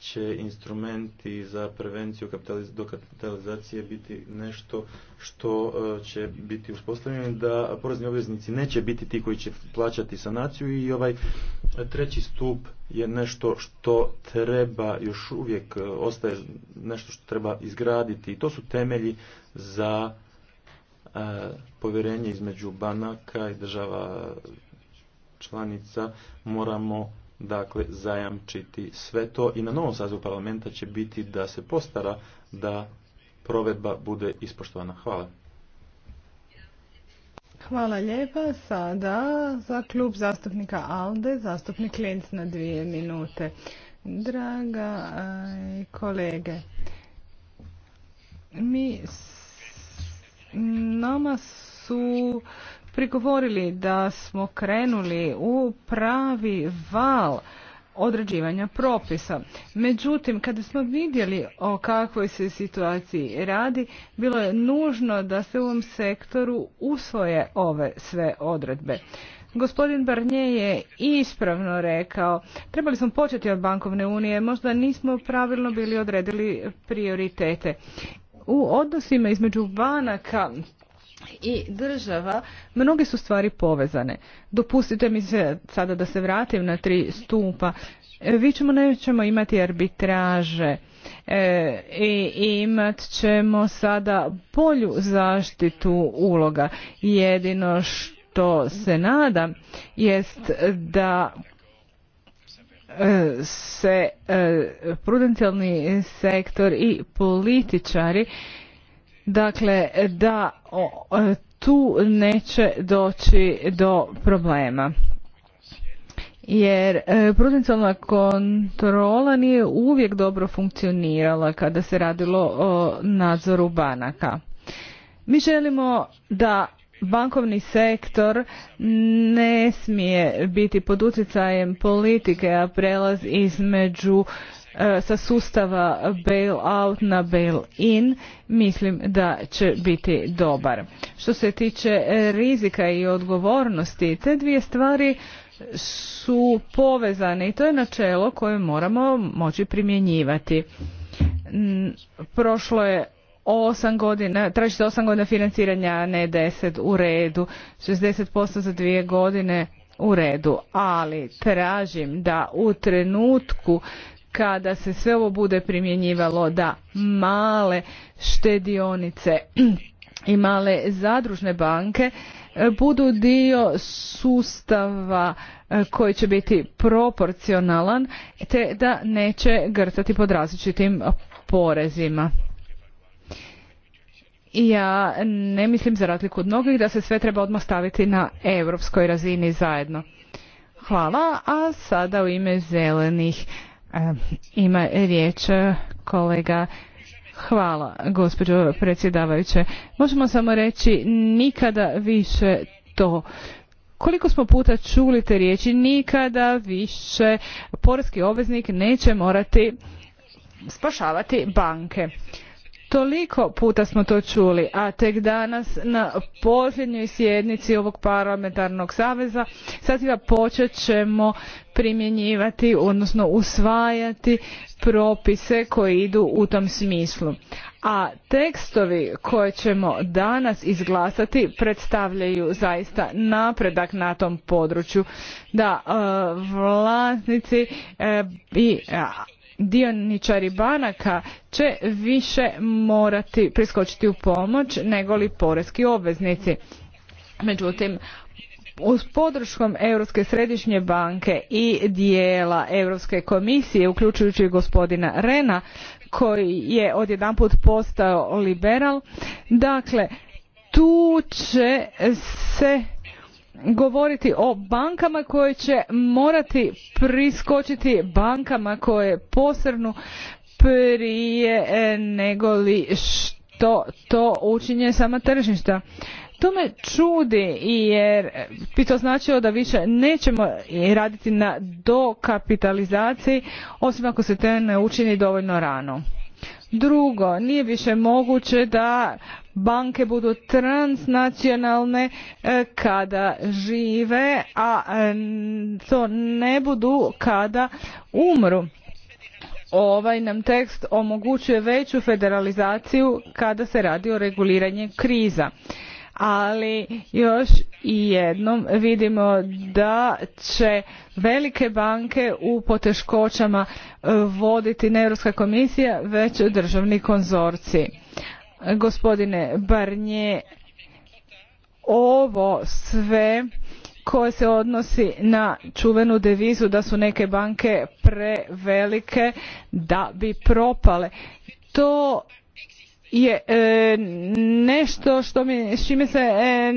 će instrumenti za prevenciju dokapitalizacije biti nešto što e, će biti uspostavljeno da porezni obveznici neće biti ti koji će plaćati sanaciju i ovaj treći stup je nešto što treba još uvijek e, ostaje nešto što treba izgraditi i to su temelji za e, povjerenje između banaka i država članica moramo dakle zajamčiti sve to i na novom sazivu parlamenta će biti da se postara da provedba bude ispoštovana. Hvala. Hvala lijepa. Sada za klub zastupnika ALDE, zastupnik Linc na dvije minute. Draga eh, kolege, mi nama su prigovorili da smo krenuli u pravi val određivanja propisa. Međutim, kada smo vidjeli o kakvoj se situaciji radi, bilo je nužno da se u ovom sektoru usvoje ove sve odredbe. Gospodin Barnje je ispravno rekao, trebali smo početi od bankovne unije, možda nismo pravilno bili odredili prioritete. U odnosima između banaka i država, mnoge su stvari povezane. Dopustite mi se sada da se vratim na tri stupa. E, vi ćemo, nećemo imati arbitraže e, i imat ćemo sada bolju zaštitu uloga. Jedino što se nada jest da e, se prudencijalni sektor i političari Dakle, da tu neće doći do problema. Jer e, prudencijalna kontrola nije uvijek dobro funkcionirala kada se radilo o nadzoru banaka. Mi želimo da bankovni sektor ne smije biti pod utjecajem politike, a prelaz između E, sa sustava bail-out na bail-in mislim da će biti dobar. Što se tiče e, rizika i odgovornosti, te dvije stvari su povezane i to je načelo koje moramo moći primjenjivati. Prošlo je osam godina, traži se osam godina financiranja, a ne deset u redu, 60% za dvije godine u redu, ali tražim da u trenutku kada se sve ovo bude primjenjivalo da male štedionice i male zadružne banke e, budu dio sustava e, koji će biti proporcionalan te da neće grcati pod različitim porezima. Ja ne mislim za razliku od mnogih da se sve treba odmah staviti na europskoj razini zajedno. Hvala, a sada u ime zelenih ima riječ e, kolega. Hvala, gospođo predsjedavajuće. Možemo samo reći nikada više to. Koliko smo puta čuli te riječi, nikada više porski obveznik neće morati spašavati banke. Toliko puta smo to čuli, a tek danas na posljednjoj sjednici ovog parlamentarnog saveza saziva počet ćemo primjenjivati, odnosno usvajati propise koji idu u tom smislu. A tekstovi koje ćemo danas izglasati predstavljaju zaista napredak na tom području. Da, e, vlasnici e, i dioničari banaka će više morati priskočiti u pomoć nego li porezki obveznici. Međutim, uz podrškom Europske središnje banke i dijela Europske komisije, uključujući gospodina Rena, koji je odjedanput postao liberal, dakle, tu će se govoriti o bankama koje će morati priskočiti bankama koje posrnu prije e, nego li što to učinje sama tržišta. To me čudi jer bi to značilo da više nećemo raditi na dokapitalizaciji osim ako se to ne učini dovoljno rano. Drugo, nije više moguće da banke budu transnacionalne e, kada žive, a e, to ne budu kada umru. Ovaj nam tekst omogućuje veću federalizaciju kada se radi o reguliranju kriza ali još jednom vidimo da će velike banke u poteškoćama e, voditi ne Europska komisija već državni konzorci. Gospodine Barnje, ovo sve koje se odnosi na čuvenu devizu da su neke banke prevelike da bi propale. To je e, nešto s čime se e,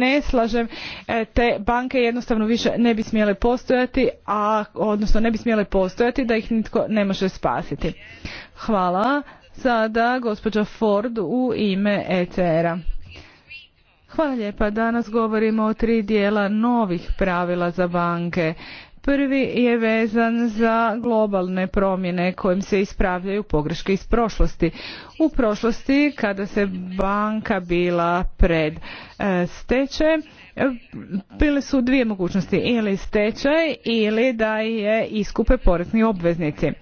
ne slažem e, te banke jednostavno više ne bi smjele postojati a odnosno ne bi smjele postojati da ih nitko ne može spasiti hvala sada gospođa Ford u ime ECR-a hvala lijepa danas govorimo o tri dijela novih pravila za banke Prvi je vezan za globalne promjene kojim se ispravljaju pogreške iz prošlosti. U prošlosti kada se banka bila pred e, stečajem bile su dvije mogućnosti ili stečaj ili da je iskupe porezni obveznici.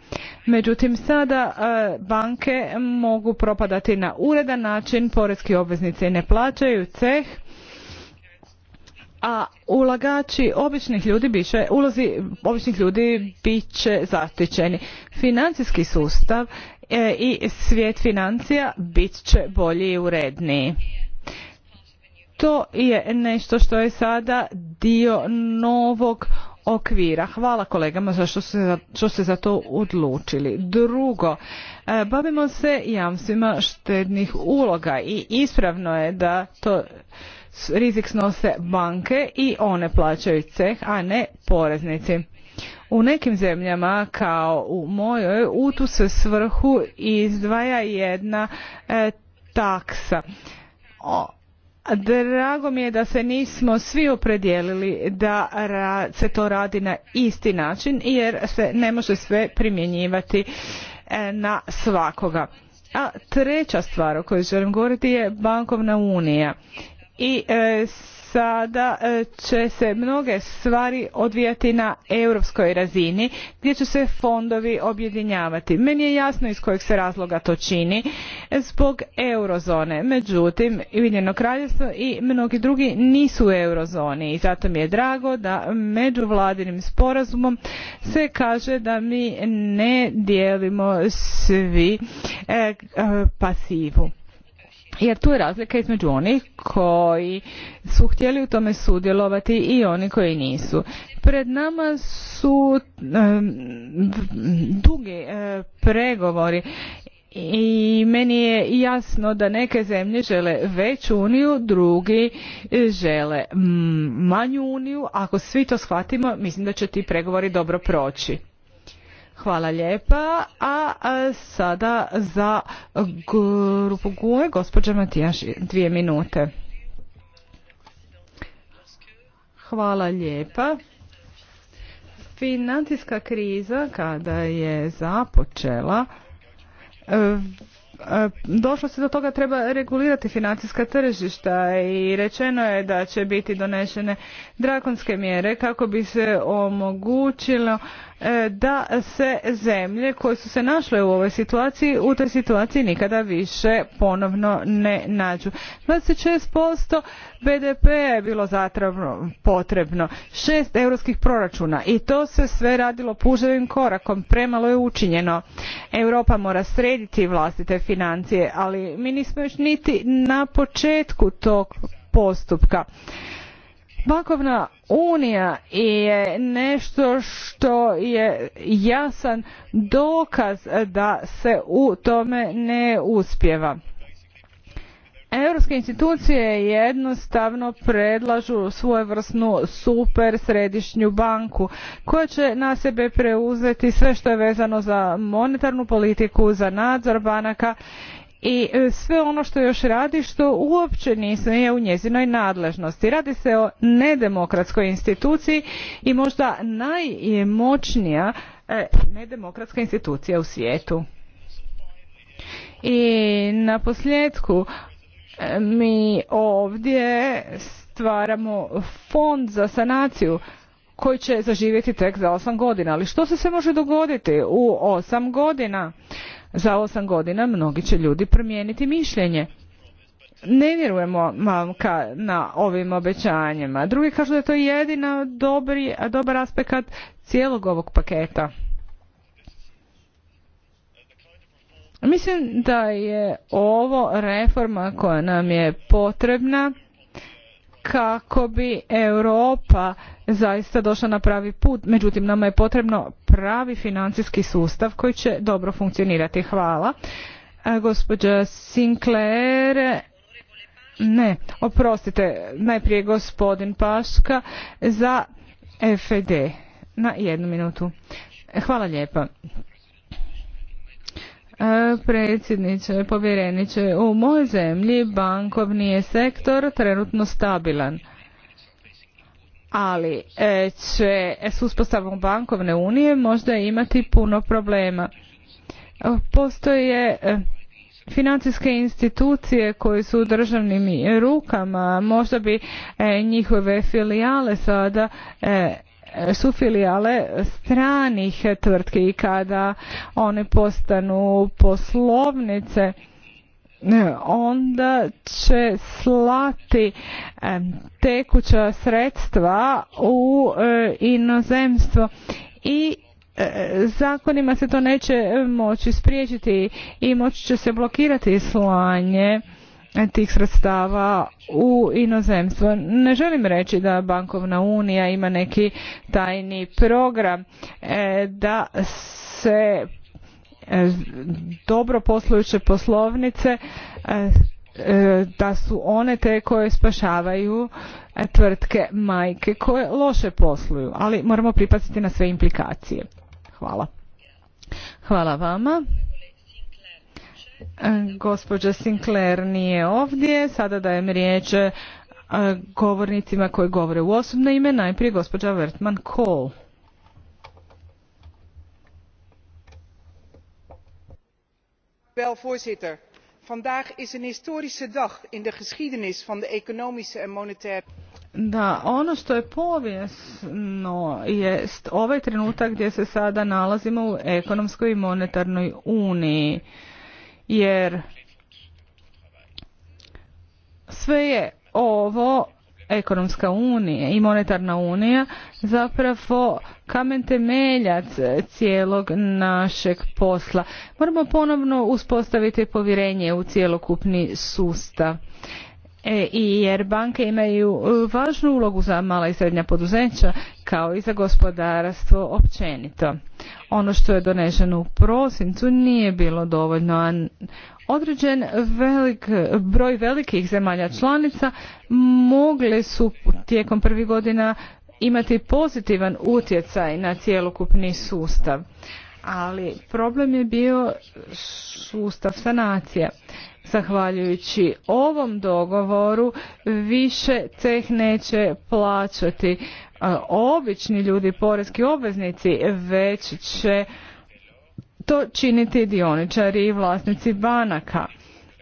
Međutim, sada e, banke mogu propadati na uredan način, porezki obveznici ne plaćaju ceh a ulagači običnih ljudi će, ulozi običnih ljudi bit će zaštićeni. Financijski sustav e, i svijet financija bit će bolji i uredniji. To je nešto što je sada dio novog okvira. Hvala kolegama za što se, što za to odlučili. Drugo, e, bavimo se jamstvima štednih uloga i ispravno je da to rizik snose banke i one plaćaju ceh, a ne poreznici. U nekim zemljama kao u mojoj u tu se svrhu izdvaja jedna e, taksa. O, drago mi je da se nismo svi opredijelili da se to radi na isti način jer se ne može sve primjenjivati e, na svakoga. A treća stvar o kojoj želim govoriti je bankovna unija i e, sada e, će se mnoge stvari odvijati na europskoj razini gdje će se fondovi objedinjavati. Meni je jasno iz kojeg se razloga to čini zbog eurozone. Međutim, Ujedinjeno kraljevstvo i mnogi drugi nisu u eurozoni i zato mi je drago da među vladinim sporazumom se kaže da mi ne dijelimo svi e, pasivu jer tu je razlika između onih koji su htjeli u tome sudjelovati i oni koji nisu. Pred nama su dugi eh, pregovori i meni je jasno da neke zemlje žele veću uniju, drugi eh, žele mm, manju uniju. Ako svi to shvatimo, mislim da će ti pregovori dobro proći. Hvala lijepa. A, sada za grupu GUE, gospođa Matijaš, dvije minute. Hvala lijepa. Financijska kriza kada je započela došlo se do toga treba regulirati financijska tržišta i rečeno je da će biti donešene drakonske mjere kako bi se omogućilo E, da se zemlje koje su se našle u ovoj situaciji u toj situaciji nikada više ponovno ne nađu. 26% BDP p-a je bilo zatravno potrebno, šest europskih proračuna i to se sve radilo puževim korakom, premalo je učinjeno. Europa mora srediti vlastite financije, ali mi nismo još niti na početku tog postupka. Bankovna unija je nešto što je jasan dokaz da se u tome ne uspjeva. Europske institucije jednostavno predlažu svojevrsnu super središnju banku koja će na sebe preuzeti sve što je vezano za monetarnu politiku, za nadzor banaka i e, sve ono što još radi što uopće nije u njezinoj nadležnosti. Radi se o nedemokratskoj instituciji i možda najmoćnija e, nedemokratska institucija u svijetu. I na posljedku e, mi ovdje stvaramo fond za sanaciju koji će zaživjeti tek za osam godina. Ali što se sve može dogoditi u osam godina? Za osam godina mnogi će ljudi promijeniti mišljenje. Ne vjerujemo mamka na ovim obećanjima. Drugi kažu da je to jedina dobri, dobar aspekt cijelog ovog paketa. Mislim da je ovo reforma koja nam je potrebna kako bi Europa zaista došla na pravi put. Međutim, nama je potrebno pravi financijski sustav koji će dobro funkcionirati. Hvala. E, gospođa Sinclair, ne, oprostite, najprije gospodin Paška za FED na jednu minutu. E, hvala lijepa. E, predsjedniče, povjereniče, u mojoj zemlji bankovni je sektor trenutno stabilan ali e, će s uspostavom bankovne unije možda imati puno problema. E, postoje e, financijske institucije koje su u državnim rukama, možda bi njihove filijale sada su filijale stranih tvrtki i kada one postanu poslovnice onda će slati tekuća sredstva u e, inozemstvo i e, zakonima se to neće moći spriječiti i moći će se blokirati slanje tih sredstava u inozemstvo. Ne želim reći da bankovna unija ima neki tajni program e, da se E, dobro poslujuće poslovnice e, e, da su one te koje spašavaju tvrtke majke koje loše posluju, ali moramo pripaziti na sve implikacije. Hvala. Hvala vama. Gospođa Sinclair nije ovdje. Sada dajem riječ govornicima koji govore u osobno ime. Najprije gospođa Vertman Cole. voorzitter vandaag is een historische dag in de geschiedenis van de economische en monetaire da ono što je povijesno jest ovaj trenutak gdje se sada nalazimo u ekonomskoj i monetarnoj uniji jer sve je ovo ekonomska unija i monetarna unija zapravo kamen temeljac cijelog našeg posla. Moramo ponovno uspostaviti povjerenje u cjelokupni sustav. E, jer banke imaju e, važnu ulogu za mala i srednja poduzeća kao i za gospodarstvo općenito. Ono što je doneseno u prosincu nije bilo dovoljno, a određen velik, broj velikih zemalja članica mogle su tijekom prvih godina imati pozitivan utjecaj na cjelokupni sustav. Ali problem je bio sustav sanacije zahvaljujući ovom dogovoru više ceh neće plaćati e, obični ljudi, porezki obveznici, već će to činiti dioničari i vlasnici banaka.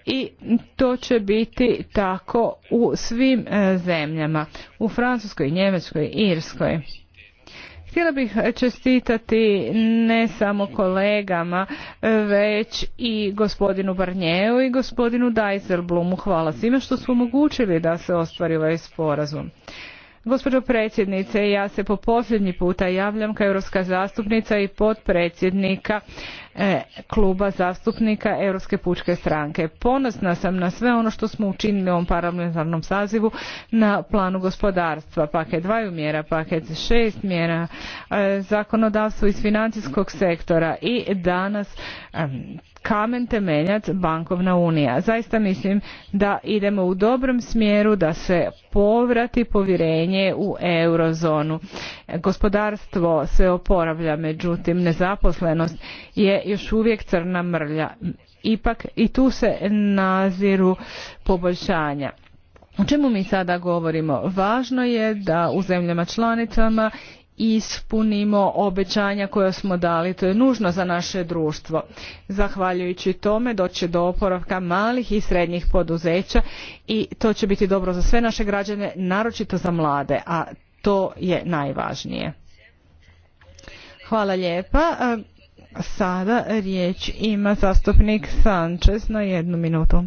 I to će biti tako u svim e, zemljama, u Francuskoj, Njemačkoj, Irskoj. Htjela bih čestitati ne samo kolegama, već i gospodinu Barnjeju i gospodinu Dijsselblumu. Hvala svima što su omogućili da se ostvari ovaj sporazum. Gospođo predsjednice, ja se po posljednji puta javljam kao europska zastupnica i potpredsjednika E, kluba zastupnika Europske pučke stranke. Ponosna sam na sve ono što smo učinili u ovom parlamentarnom sazivu na planu gospodarstva, paket dvaju mjera, paket šest mjera, e, zakonodavstvo iz financijskog sektora i danas e, kamen temeljac bankovna unija. Zaista mislim da idemo u dobrom smjeru da se povrati povjerenje u eurozonu. Gospodarstvo se oporavlja, međutim nezaposlenost je još uvijek crna mrlja. Ipak i tu se naziru poboljšanja. O čemu mi sada govorimo? Važno je da u zemljama članicama ispunimo obećanja koja smo dali. To je nužno za naše društvo. Zahvaljujući tome doće do oporavka malih i srednjih poduzeća i to će biti dobro za sve naše građane, naročito za mlade, a to je najvažnije. Hvala lijepa. Sada riječ ima zastupnik Sanchez na jednu minutu.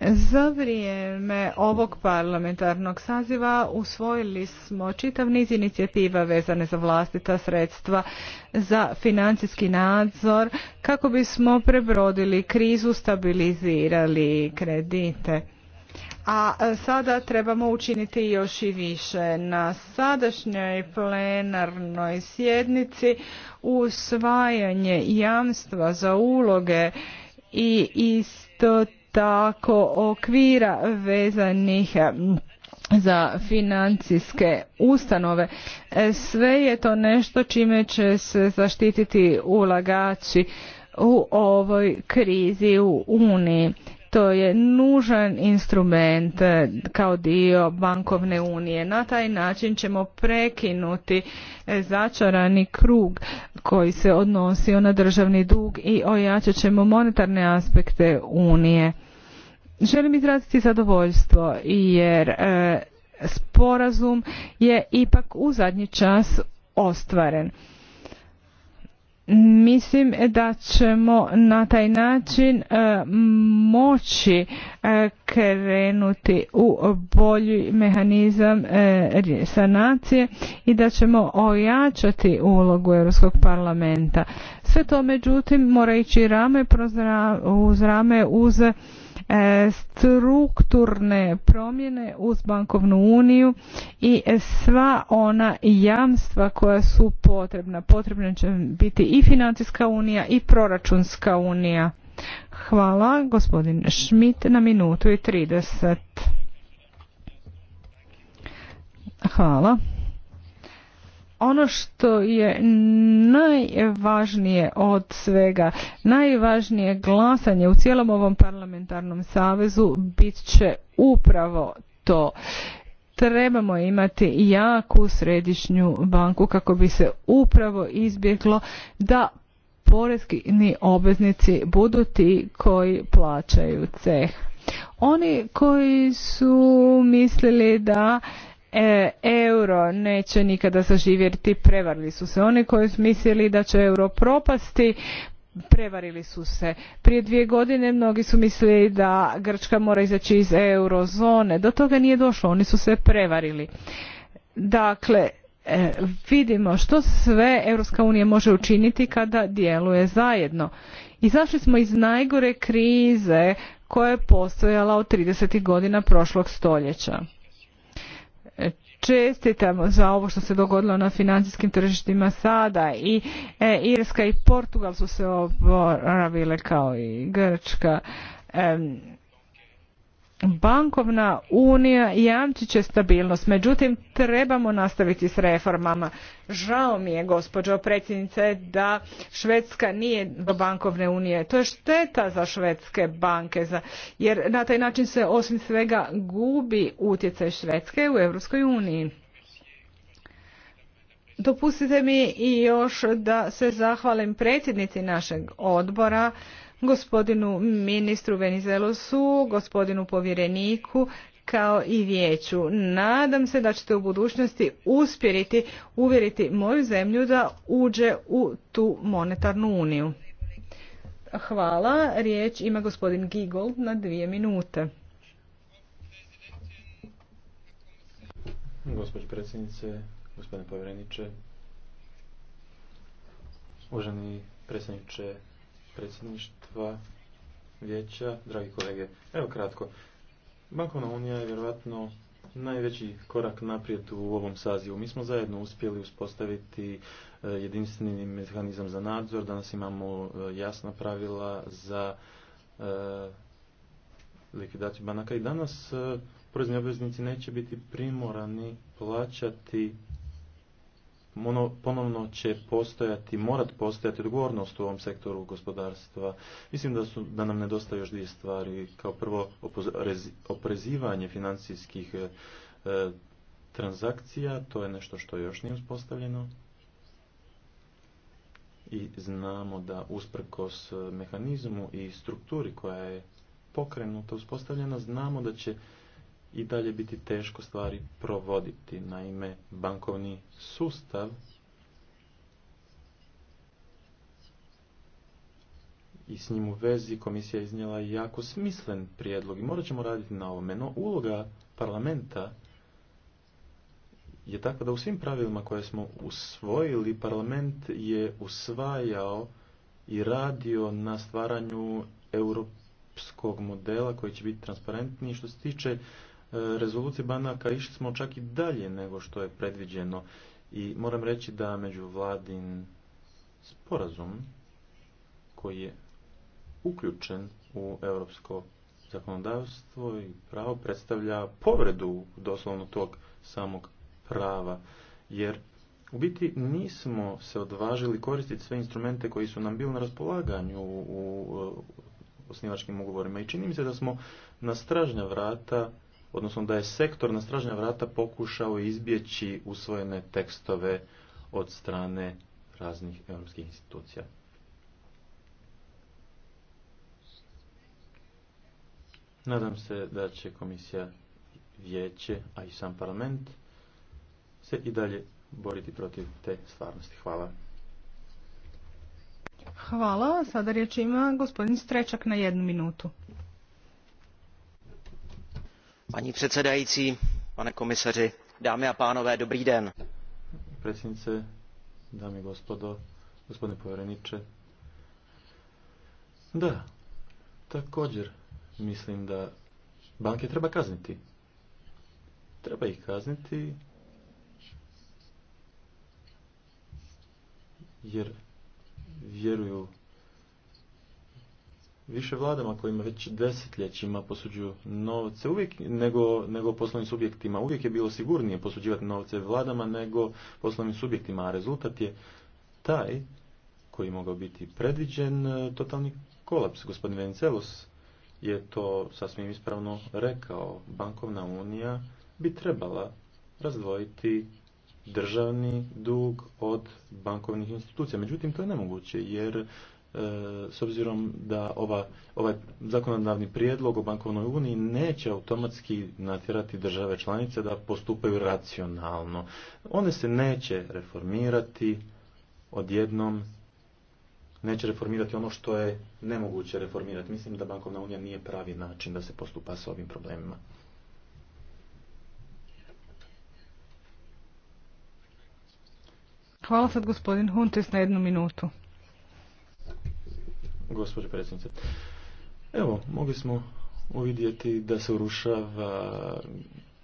Za vrijeme ovog parlamentarnog saziva usvojili smo čitav niz inicijativa vezane za vlastita sredstva za financijski nadzor kako bismo prebrodili krizu, stabilizirali kredite. A e, sada trebamo učiniti još i više. Na sadašnjoj plenarnoj sjednici usvajanje jamstva za uloge i isto tako okvira vezanih za financijske ustanove. E, sve je to nešto čime će se zaštititi ulagači u ovoj krizi u Uniji. To je nužan instrument e, kao dio bankovne unije. Na taj način ćemo prekinuti e, začarani krug koji se odnosio na državni dug i ojačat ćemo monetarne aspekte unije. Želim izraziti zadovoljstvo jer e, sporazum je ipak u zadnji čas ostvaren mislim da ćemo na taj način e, moći e, krenuti u bolji mehanizam e, sanacije i da ćemo ojačati ulogu Europskog parlamenta. Sve to međutim mora ići rame uz rame uz E, strukturne promjene uz bankovnu uniju i sva ona jamstva koja su potrebna. Potrebna će biti i financijska unija i proračunska unija. Hvala, gospodin Schmidt na minutu i 30. Hvala ono što je najvažnije od svega, najvažnije glasanje u cijelom ovom parlamentarnom savezu bit će upravo to. Trebamo imati jaku središnju banku kako bi se upravo izbjeglo da porezni obveznici budu ti koji plaćaju ceh. Oni koji su mislili da E, euro neće nikada zaživjeti, prevarili su se oni koji su mislili da će euro propasti, prevarili su se. Prije dvije godine mnogi su mislili da Grčka mora izaći iz eurozone, do toga nije došlo, oni su se prevarili. Dakle, e, vidimo što sve Europska unija može učiniti kada djeluje zajedno. Izašli smo iz najgore krize koja je postojala od 30. godina prošlog stoljeća čestitamo za ovo što se dogodilo na financijskim tržištima sada i e, Irska i Portugal su se oporavile kao i Grčka bankovna unija jamčit će stabilnost međutim trebamo nastaviti s reformama žao mi je gospođo predsjednice da švedska nije do bankovne unije to je šteta za švedske banke jer na taj način se osim svega gubi utjecaj švedske u europskoj uniji dopustite mi i još da se zahvalim predsjednici našeg odbora gospodinu ministru Venizelosu, gospodinu povjereniku kao i vijeću. Nadam se da ćete u budućnosti uspjeriti uvjeriti moju zemlju da uđe u tu monetarnu uniju. Hvala. Riječ ima gospodin Gigol na dvije minute. Gospodin predsjednice, gospodine povjereniče, uvaženi predsjedniče predsjedništva vijeća, dragi kolege. Evo kratko. Bankovna unija je vjerojatno najveći korak naprijed u ovom sazivu. Mi smo zajedno uspjeli uspostaviti e, jedinstveni mehanizam za nadzor. Danas imamo e, jasna pravila za e, likvidaciju banaka i danas porezni obveznici neće biti primorani plaćati ono ponovno će postojati, morat postojati odgovornost u ovom sektoru gospodarstva. Mislim da, su, da nam nedostaje još dvije stvari. Kao prvo, oprezivanje financijskih e, transakcija, to je nešto što još nije uspostavljeno. I znamo da usprkos e, mehanizmu i strukturi koja je pokrenuta, uspostavljena, znamo da će i dalje biti teško stvari provoditi. Naime, bankovni sustav i s njim u vezi komisija iznijela jako smislen prijedlog i morat ćemo raditi na ovome. No, uloga parlamenta je takva da u svim pravilima koje smo usvojili, parlament je usvajao i radio na stvaranju europskog modela koji će biti transparentniji što se tiče E, rezolucije banaka išli smo čak i dalje nego što je predviđeno i moram reći da vladin sporazum koji je uključen u europsko zakonodavstvo i pravo predstavlja povredu doslovno tog samog prava jer u biti nismo se odvažili koristiti sve instrumente koji su nam bili na raspolaganju u osnivačkim ugovorima i čini mi se da smo na stražnja vrata odnosno da je sektor na stražnja vrata pokušao izbjeći usvojene tekstove od strane raznih europskih institucija. Nadam se da će komisija vijeće, a i sam parlament se i dalje boriti protiv te stvarnosti. Hvala. Hvala. Sada riječ ima gospodin Strečak na jednu minutu paní předsedající pane komisaři dámy a pánové dobrý den predsjednice dame i gospodo gospodine povjereniče da također mislim da banke treba kazniti treba ih kazniti jer vjeruju više vladama kojima već desetljećima posuđuju novce uvijek nego, nego poslovnim subjektima. Uvijek je bilo sigurnije posuđivati novce vladama nego poslovnim subjektima, a rezultat je taj koji je mogao biti predviđen e, totalni kolaps. Gospodin Vencelos je to sasvim ispravno rekao. Bankovna unija bi trebala razdvojiti državni dug od bankovnih institucija. Međutim, to je nemoguće jer s obzirom da ova, ovaj zakonodavni prijedlog o bankovnoj uniji neće automatski natjerati države članice da postupaju racionalno. One se neće reformirati odjednom, neće reformirati ono što je nemoguće reformirati. Mislim da bankovna unija nije pravi način da se postupa s ovim problemima. Hvala sad gospodin Huntes na jednu minutu gospođo predsjednice. Evo, mogli smo uvidjeti da se urušava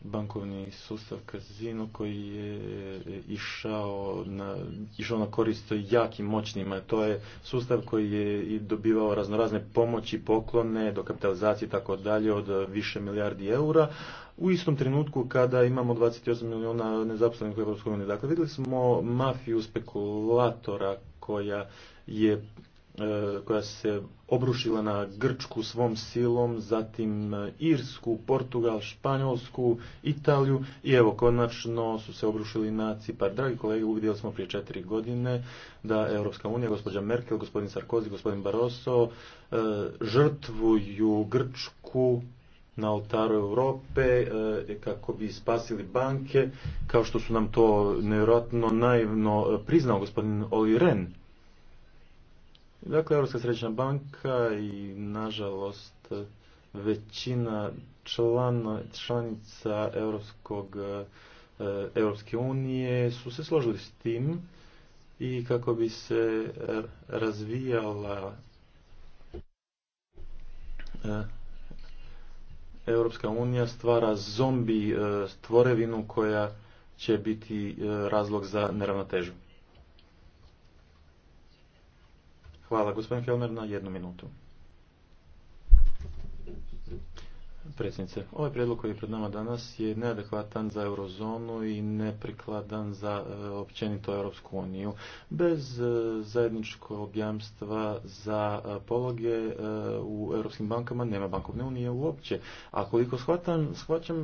bankovni sustav kazino koji je išao na, išao na korist jakim moćnima. To je sustav koji je i dobivao raznorazne pomoći, poklone, dokapitalizacije i tako dalje od više milijardi eura. U istom trenutku kada imamo 28 milijuna nezaposlenih u EU. Dakle, vidjeli smo mafiju spekulatora koja je E, koja se obrušila na Grčku svom silom, zatim e, Irsku, Portugal, Španjolsku, Italiju i evo konačno su se obrušili na Cipar. Dragi kolege, uvidjeli smo prije četiri godine da Europska unija, gospođa Merkel, gospodin Sarkozy, gospodin Barroso e, žrtvuju Grčku na oltaru Europe kako bi spasili banke, kao što su nam to nevjerojatno naivno priznao gospodin Oli Ren Dakle, Europska središnja banka i nažalost većina članica Europskog, eh, Europske unije su se složili s tim i kako bi se razvijala eh, Europska unija stvara zombi eh, stvorevinu koja će biti razlog za neravnotežu. Hvala. Gospodin Helmer na jednu minutu. Predsjednice, ovaj prijedlog koji je pred nama danas je neadekvatan za eurozonu i neprikladan za e, općenito Europsku uniju. Bez e, zajedničkog jamstva za e, pologe u europskim bankama nema bankovne unije uopće. A koliko shvatam, shvaćam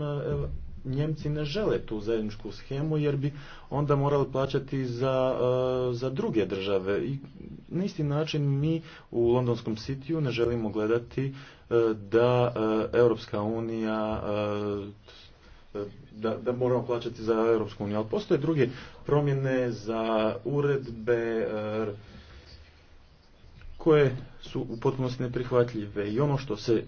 Njemci ne žele tu zajedničku schemu jer bi onda morali plaćati za, e, za druge države. I na isti način mi u Londonskom sitiju ne želimo gledati e, da e, Europska unija da, da moramo plaćati za Europsku uniju. Ali postoje druge promjene za uredbe, koje su u potpunosti neprihvatljive. I ono što, se,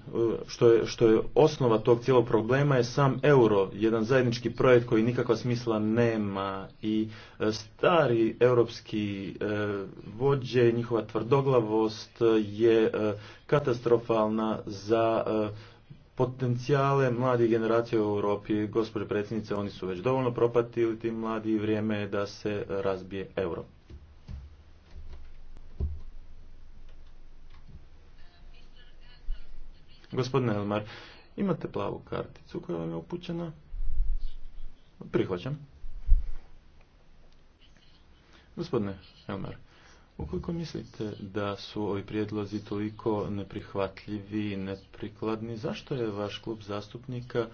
što, je, što je osnova tog cijelog problema je sam euro, jedan zajednički projekt koji nikakva smisla nema. I e, stari europski e, vođe, njihova tvrdoglavost je e, katastrofalna za potencijale mladih generacija u Europi. Gospođo predsjednice, oni su već dovoljno propatili ti mladi i vrijeme je da se razbije euro. Gospodine Elmar, imate plavu karticu koja vam je upućena? Prihvaćam. Gospodine Elmar, ukoliko mislite da su ovi prijedlozi toliko neprihvatljivi i neprikladni, zašto je vaš klub zastupnika,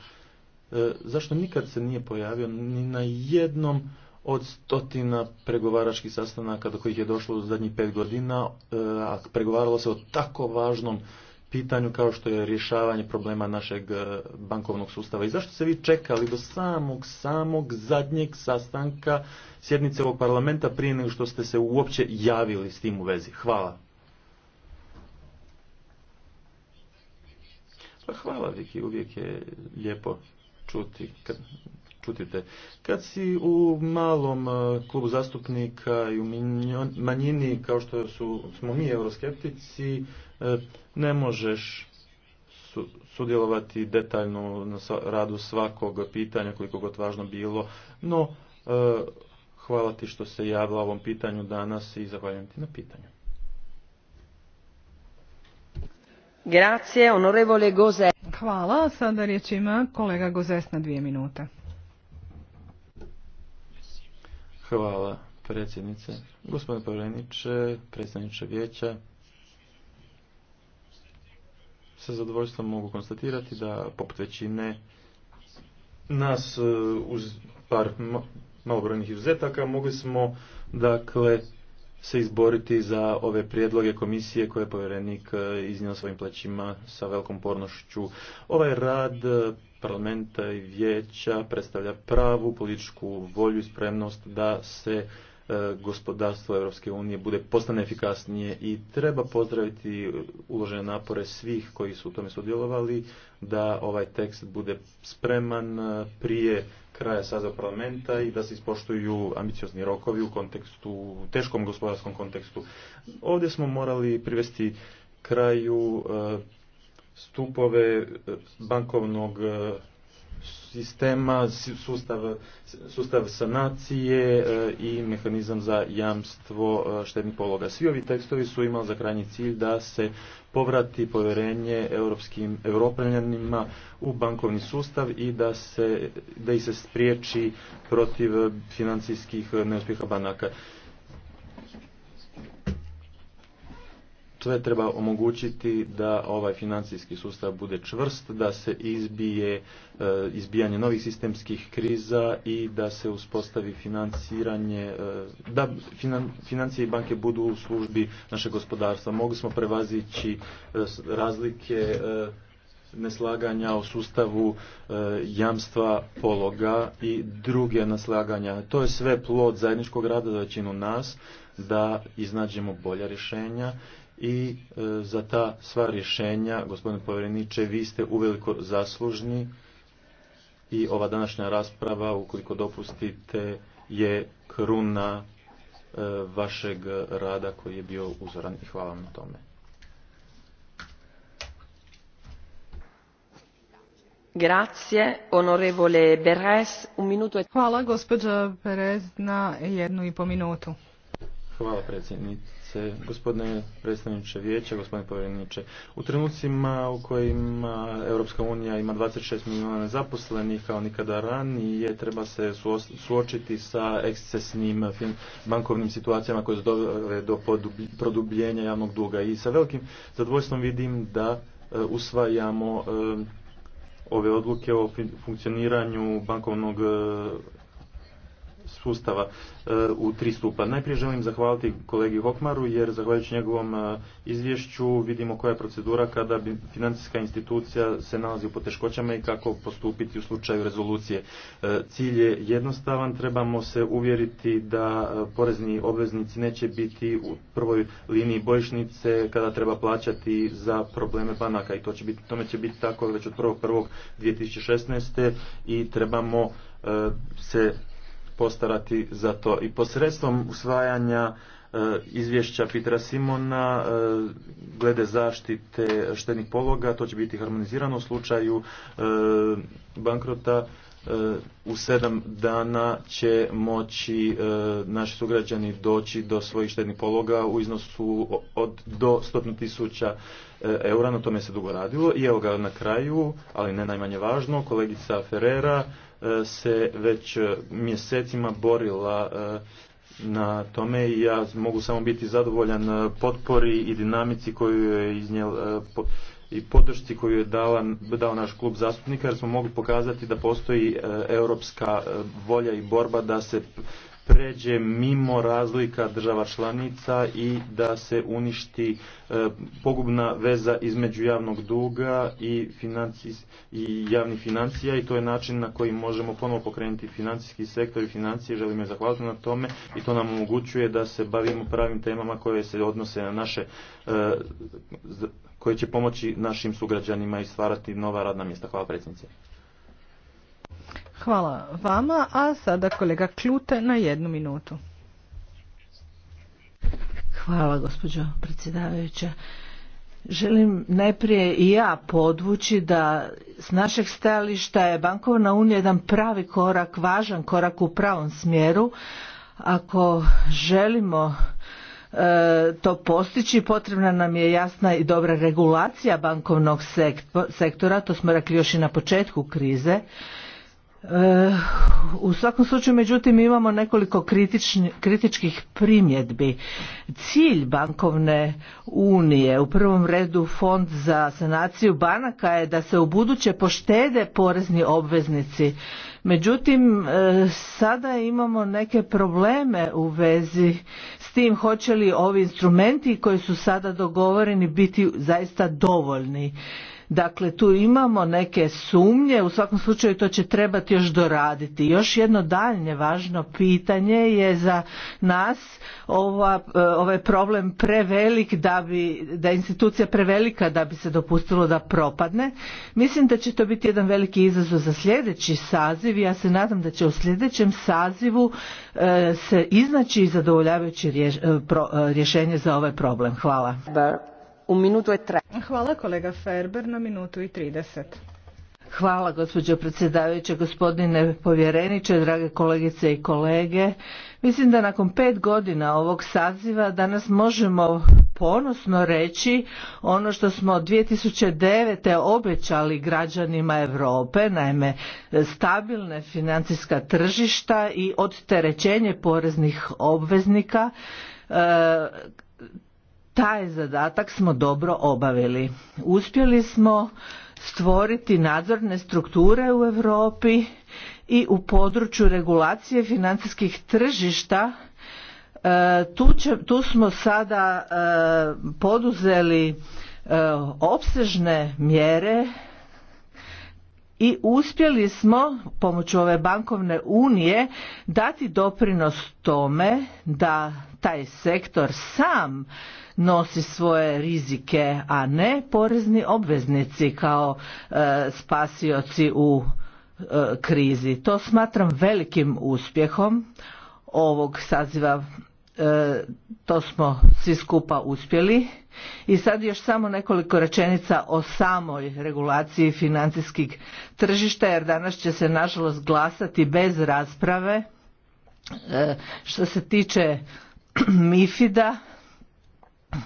e, zašto nikad se nije pojavio ni na jednom od stotina pregovaračkih sastanaka do kojih je došlo u zadnjih pet godina, e, a pregovaralo se o tako važnom pitanju kao što je rješavanje problema našeg e, bankovnog sustava. I zašto se vi čekali do samog, samog zadnjeg sastanka sjednice ovog parlamenta prije nego što ste se uopće javili s tim u vezi? Hvala. Pa hvala Viki, uvijek je lijepo čuti čutite. Kad si u malom e, klubu zastupnika i u manjini, kao što su, smo mi euroskeptici, e, ne možeš sudjelovati detaljno na radu svakog pitanja, koliko god važno bilo, no e, hvala ti što se javila ovom pitanju danas i zahvaljujem ti na pitanju. Grazie, onorevole Goze. Hvala, sada riječ ima kolega Gozes na dvije minute. Hvala predsjednice. Gospodine Povjereniče, predsjedniče vijeća, sa zadovoljstvom mogu konstatirati da poput većine nas e, uz par malobrojnih izuzetaka mogli smo dakle se izboriti za ove prijedloge komisije koje je povjerenik e, iznio svojim plećima sa velikom pornošću. Ovaj rad e, parlamenta i vijeća predstavlja pravu političku volju i spremnost da se E, gospodarstvo Europske unije bude postane efikasnije i treba pozdraviti uložene napore svih koji su u tome sudjelovali da ovaj tekst bude spreman e, prije kraja saza parlamenta i da se ispoštuju ambiciozni rokovi u kontekstu, u teškom gospodarskom kontekstu. Ovdje smo morali privesti kraju e, stupove bankovnog sistema, sustav, sustav sanacije eh, i mehanizam za jamstvo eh, štednih pologa. Svi ovi tekstovi su imali za krajnji cilj da se povrati povjerenje europskim europljanima u bankovni sustav i da se da ih se spriječi protiv financijskih neuspjeha banaka. sve treba omogućiti da ovaj financijski sustav bude čvrst, da se izbije e, izbijanje novih sistemskih kriza i da se uspostavi financiranje, e, da financije i banke budu u službi našeg gospodarstva. Mogli smo prevazići e, razlike neslaganja o sustavu jamstva pologa i druge naslaganja. To je sve plod zajedničkog rada za većinu nas da iznađemo bolja rješenja i e, za ta sva rješenja, gospodine povjereniče, vi ste uveliko zaslužni i ova današnja rasprava, ukoliko dopustite, je kruna e, vašeg rada koji je bio uzoran i hvala vam na tome. Grazie, onorevole Beres, un minuto e... Hvala gospođa perez na jednu i po minutu. Hvala predsjednici gospodine predstavniče vijeća, gospodine povjereniče. U trenucima u kojima Europska unija ima 26 milijuna nezaposlenih kao nikada ranije, treba se suočiti sa ekscesnim bankovnim situacijama koje su dovele do produbljenja javnog duga. I sa velikim zadvojstvom vidim da e, usvajamo e, ove odluke o funkcioniranju bankovnog e, sustava eh, u tri stupa. Najprije želim zahvaliti kolegi Hokmaru jer zahvaljujući njegovom eh, izvješću vidimo koja je procedura kada bi financijska institucija se nalazi u poteškoćama i kako postupiti u slučaju rezolucije. Eh, cilj je jednostavan, trebamo se uvjeriti da porezni obveznici neće biti u prvoj liniji bojišnice kada treba plaćati za probleme banaka i to će biti, tome će biti tako već od 1.1.2016. i trebamo se postarati za to. I posredstvom usvajanja e, izvješća Petra Simona e, glede zaštite štednih pologa, to će biti harmonizirano u slučaju e, bankrota u sedam dana će moći naši sugrađani doći do svojih štednih pologa u iznosu od do 100 tisuća eura, na tome se dugo radilo i evo ga na kraju, ali ne najmanje važno, kolegica Ferrera se već e, mjesecima borila e, na tome i ja mogu samo biti zadovoljan e, potpori i dinamici koju je iznijela i podršci koju je dao naš klub zastupnika jer smo mogli pokazati da postoji europska volja i borba da se pređe mimo razlika država članica i da se uništi e, pogubna veza između javnog duga i, i javnih financija i to je način na koji možemo ponovo pokrenuti financijski sektor i financije. Želim je zahvaliti na tome i to nam omogućuje da se bavimo pravim temama koje se odnose na naše e, koje će pomoći našim sugrađanima i stvarati nova radna mjesta. Hvala predsjednice. Hvala vama, a sada kolega Klute na jednu minutu. Hvala gospođo predsjedavajuća. Želim najprije i ja podvući da s našeg stajališta je bankovna unija jedan pravi korak, važan korak u pravom smjeru. Ako želimo e, to postići potrebna nam je jasna i dobra regulacija bankovnog sektora, to smo rekli još i na početku krize Eh, u svakom slučaju, međutim, imamo nekoliko kritičkih primjedbi. Cilj bankovne unije, u prvom redu fond za sanaciju banaka je da se u buduće poštede porezni obveznici. Međutim, eh, sada imamo neke probleme u vezi s tim hoće li ovi instrumenti koji su sada dogovoreni biti zaista dovoljni Dakle, tu imamo neke sumnje, u svakom slučaju to će trebati još doraditi. Još jedno daljnje važno pitanje je za nas ova, e, ovaj problem prevelik da bi, da je institucija prevelika da bi se dopustilo da propadne. Mislim da će to biti jedan veliki izazov za sljedeći saziv i ja se nadam da će u sljedećem sazivu e, se iznaći zadovoljavajuće e, rješenje za ovaj problem. Hvala. Hvala kolega na minutu i Hvala gospođo predsjedavajuće, gospodine povjereniče, drage kolegice i kolege. Mislim da nakon pet godina ovog saziva danas možemo ponosno reći ono što smo 2009. obećali građanima Europe, naime stabilne financijska tržišta i odterećenje poreznih obveznika. E, taj zadatak smo dobro obavili. Uspjeli smo stvoriti nadzorne strukture u Europi i u području regulacije financijskih tržišta e, tu, smo sada e, poduzeli e, opsežne mjere i uspjeli smo pomoću ove bankovne unije dati doprinos tome da taj sektor sam nosi svoje rizike, a ne porezni obveznici kao e, spasioci u e, krizi. To smatram velikim uspjehom ovog saziva e, to smo svi skupa uspjeli i sad još samo nekoliko rečenica o samoj regulaciji financijskih tržišta jer danas će se nažalost glasati bez rasprave što se tiče mifida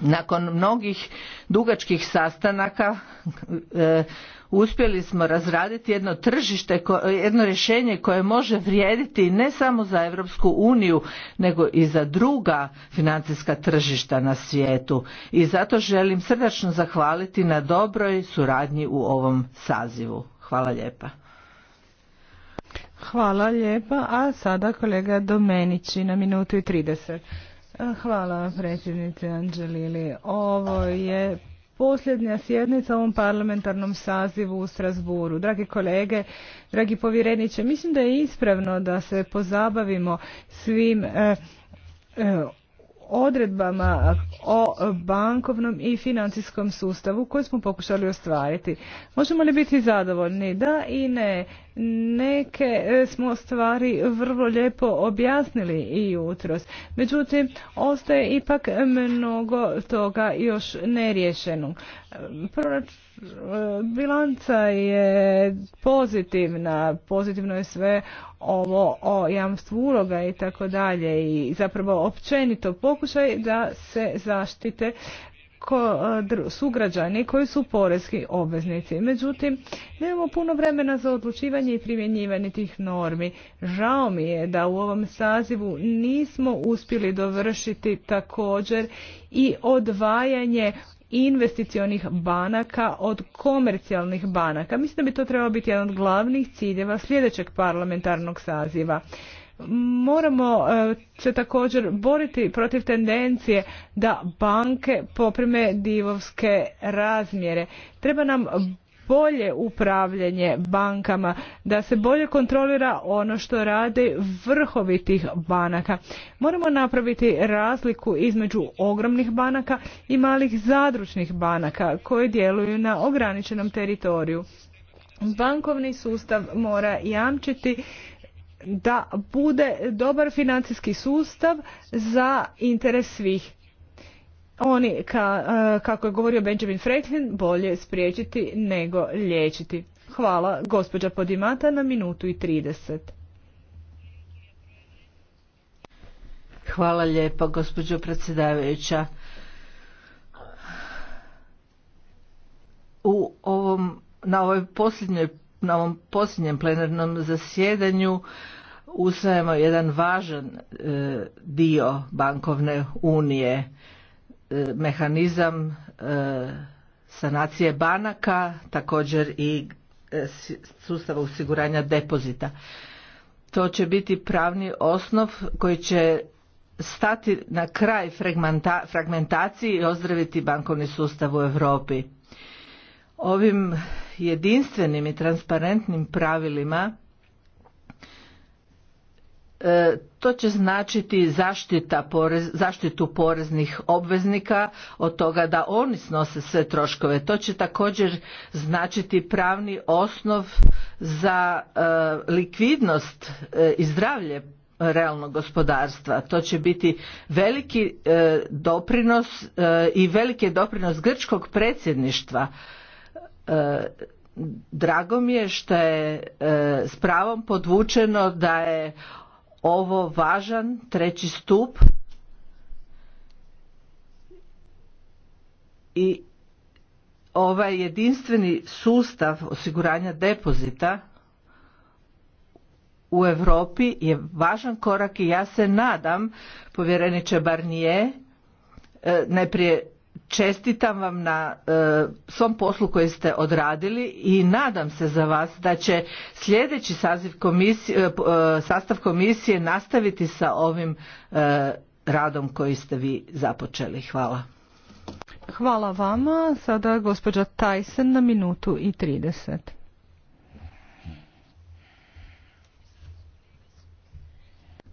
nakon mnogih dugačkih sastanaka e, uspjeli smo razraditi jedno tržište jedno rješenje koje može vrijediti ne samo za europsku uniju nego i za druga financijska tržišta na svijetu i zato želim srdačno zahvaliti na dobroj suradnji u ovom sazivu hvala lijepa Hvala lijepa, a sada kolega domenici na minutu i 30. Hvala predsjednice Anđelili. Ovo je posljednja sjednica u ovom parlamentarnom sazivu u Strasburu. Dragi kolege, dragi povjereniče, mislim da je ispravno da se pozabavimo svim eh, eh, odredbama o bankovnom i financijskom sustavu koje smo pokušali ostvariti. Možemo li biti zadovoljni? Da i ne. Neke e, smo stvari vrlo lijepo objasnili i jutros. Međutim, ostaje ipak mnogo toga još neriješeno. E, bilanca je pozitivna, pozitivno je sve ovo o jamstvu uloga i tako dalje i zapravo općenito pokušaj da se zaštite sugrađani koji su porezki obveznici. Međutim, nemamo puno vremena za odlučivanje i primjenjivanje tih normi. Žao mi je da u ovom sazivu nismo uspjeli dovršiti također i odvajanje investicionih banaka od komercijalnih banaka. Mislim da bi to trebalo biti jedan od glavnih ciljeva sljedećeg parlamentarnog saziva. Moramo e, se također boriti protiv tendencije da banke poprime divovske razmjere. Treba nam bolje upravljanje bankama, da se bolje kontrolira ono što rade vrhovi tih banaka. Moramo napraviti razliku između ogromnih banaka i malih zadručnih banaka koje djeluju na ograničenom teritoriju. Bankovni sustav mora jamčiti da bude dobar financijski sustav za interes svih oni, ka, eh, kako je govorio Benjamin Franklin, bolje spriječiti nego liječiti. Hvala, gospođa Podimata, na minutu i 30. Hvala lijepa, gospođo predsjedavajuća. U ovom, na, ovoj na ovom posljednjem plenarnom zasjedanju usvajamo jedan važan eh, dio bankovne unije E, mehanizam e, sanacije banaka, također i e, sustava osiguranja depozita. To će biti pravni osnov koji će stati na kraj fragmentaciji i ozdraviti bankovni sustav u Europi. Ovim jedinstvenim i transparentnim pravilima E, to će značiti zaštita porez, zaštitu poreznih obveznika od toga da oni snose sve troškove. To će također značiti pravni osnov za e, likvidnost e, i zdravlje realnog gospodarstva. To će biti veliki doprinos i veliki doprinos grčkog predsjedništva drago mi je što je s pravom podvučeno da je ovo važan treći stup i ovaj jedinstveni sustav osiguranja depozita u Europi je važan korak i ja se nadam povjereniče Barnije najprije čestitam vam na e, svom poslu koji ste odradili i nadam se za vas da će sljedeći saziv e, e, sastav komisije nastaviti sa ovim radom koji ste vi započeli. Hvala. Hvala vama. Sada gospođa Tyson na minutu i 30.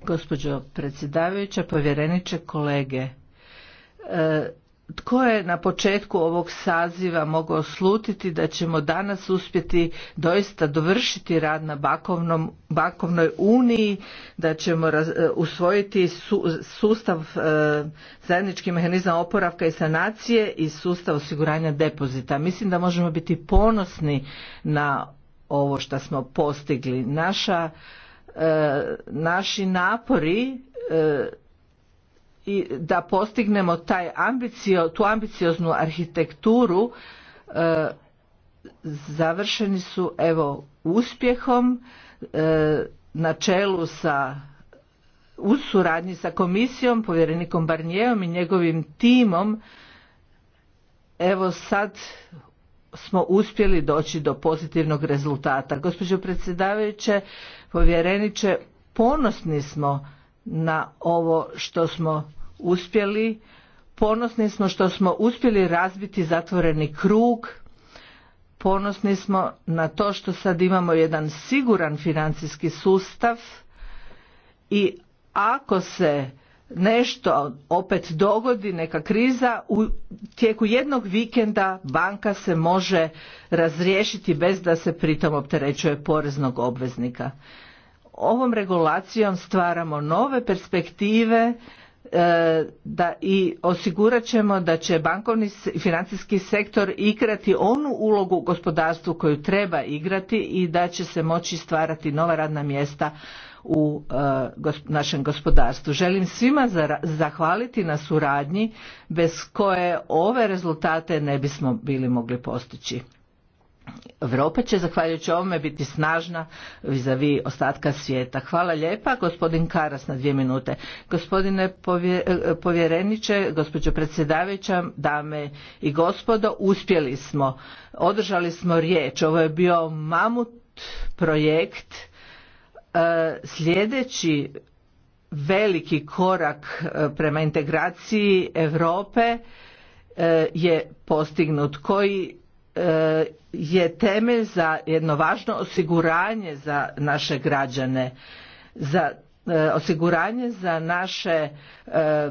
Gospođo predsjedavajuća, povjereniče, kolege, tko je na početku ovog saziva mogao slutiti da ćemo danas uspjeti doista dovršiti rad na bakovnom, bakovnoj uniji, da ćemo e, usvojiti sustav e, zajednički mehanizam oporavka i sanacije i sustav osiguranja depozita. Mislim da možemo biti ponosni na ovo što smo postigli. Naša, e, naši napori i da postignemo taj tu ambicioznu arhitekturu e, završeni su evo uspjehom e, na čelu sa u suradnji sa komisijom, povjerenikom Barnijevom i njegovim timom evo sad smo uspjeli doći do pozitivnog rezultata. Gospođo predsjedavajuće, povjereniče, ponosni smo na ovo što smo uspjeli. Ponosni smo što smo uspjeli razbiti zatvoreni krug. Ponosni smo na to što sad imamo jedan siguran financijski sustav i ako se nešto opet dogodi, neka kriza, u tijeku jednog vikenda banka se može razriješiti bez da se pritom opterećuje poreznog obveznika ovom regulacijom stvaramo nove perspektive e, da i osigurat ćemo da će bankovni i financijski sektor igrati onu ulogu u gospodarstvu koju treba igrati i da će se moći stvarati nova radna mjesta u e, našem gospodarstvu. Želim svima zahvaliti na suradnji bez koje ove rezultate ne bismo bili mogli postići. Europa će zahvaljujući ovome biti snažna vizavi ostatka svijeta. Hvala lijepa. Gospodin Karas na dvije minute. Gospodine eh, povjereniče, gospođo predsjedavajuća, dame i gospodo, uspjeli smo. Održali smo riječ. Ovo je bio mamut projekt. Eh, sljedeći veliki korak eh, prema integraciji Europe je postignut koji E, je temelj za jedno važno osiguranje za naše građane za e, osiguranje za naše e,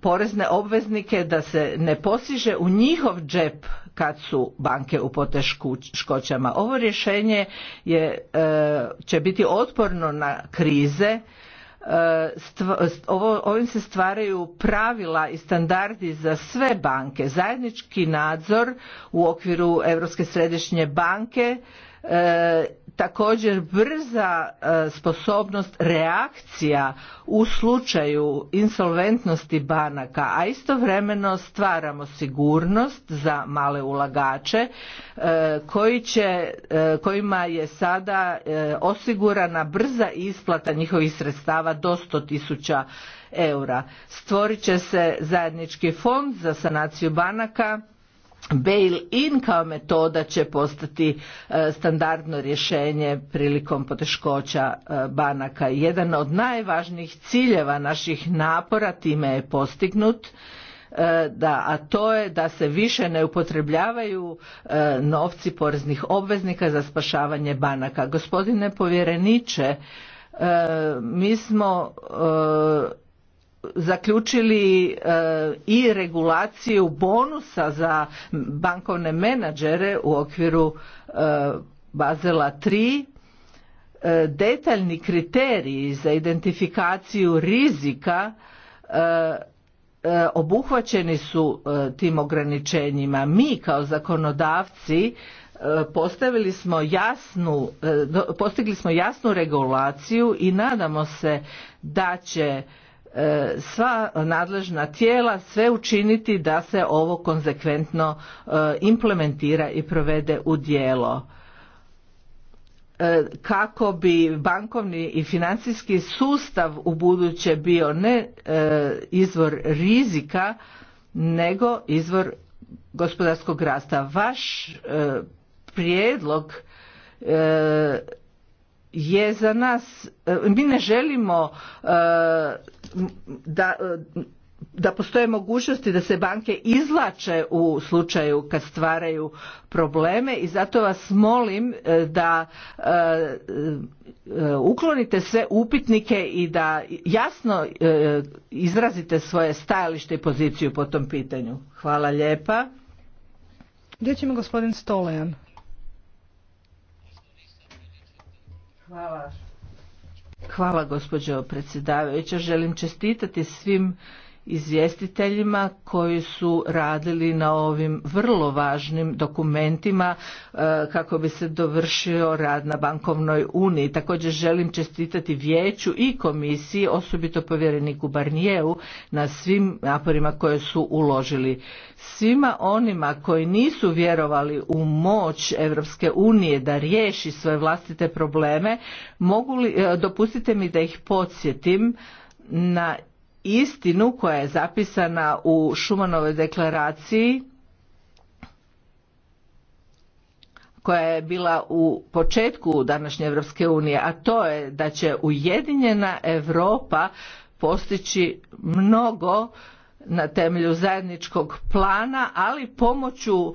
porezne obveznike da se ne posiže u njihov džep kad su banke u poteškoćama. Ovo rješenje je, će biti otporno na krize ovim se stvaraju pravila i standardi za sve banke. Zajednički nadzor u okviru Europske središnje banke e, također brza e, sposobnost reakcija u slučaju insolventnosti banaka a istovremeno stvaramo sigurnost za male ulagače e, koji će, e, kojima je sada osigurana brza isplata njihovih sredstava do sto tisuća eura stvorit će se zajednički fond za sanaciju banaka Bail-in kao metoda će postati e, standardno rješenje prilikom poteškoća e, banaka. Jedan od najvažnijih ciljeva naših napora time je postignut e, da, a to je da se više ne upotrebljavaju novci poreznih obveznika za spašavanje banaka. Gospodine povjereniče, mi smo zaključili eh, i regulaciju bonusa za bankovne menadžere u okviru eh, Bazela 3 eh, detaljni kriteriji za identifikaciju rizika obuhvaćeni su tim ograničenjima mi kao zakonodavci postavili smo jasnu postigli smo jasnu regulaciju i nadamo se da će E, sva nadležna tijela sve učiniti da se ovo konzekventno e, implementira i provede u djelo e, kako bi bankovni i financijski sustav u buduće bio ne izvor rizika nego izvor gospodarskog rasta. Vaš prijedlog je za nas, mi ne želimo da, postoje mogućnosti da se banke izlače u slučaju kad stvaraju probleme i zato vas molim e, da e, e, uklonite sve upitnike i da jasno izrazite svoje stajalište i poziciju po tom pitanju. Hvala lijepa. Gdje ćemo gospodin stolejan. Hvala. Hvala gospođo predsjedavajuća. Želim čestitati svim izvjestiteljima koji su radili na ovim vrlo važnim dokumentima e, kako bi se dovršio rad na bankovnoj uniji. Također želim čestitati vijeću i komisiji, osobito povjereniku Barnijevu, na svim naporima koje su uložili. Svima onima koji nisu vjerovali u moć Europske unije da riješi svoje vlastite probleme, e, dopustite mi da ih podsjetim na istinu koja je zapisana u Šumanovoj deklaraciji koja je bila u početku današnje Evropske unije, a to je da će ujedinjena Europa postići mnogo na temelju zajedničkog plana, ali pomoću e,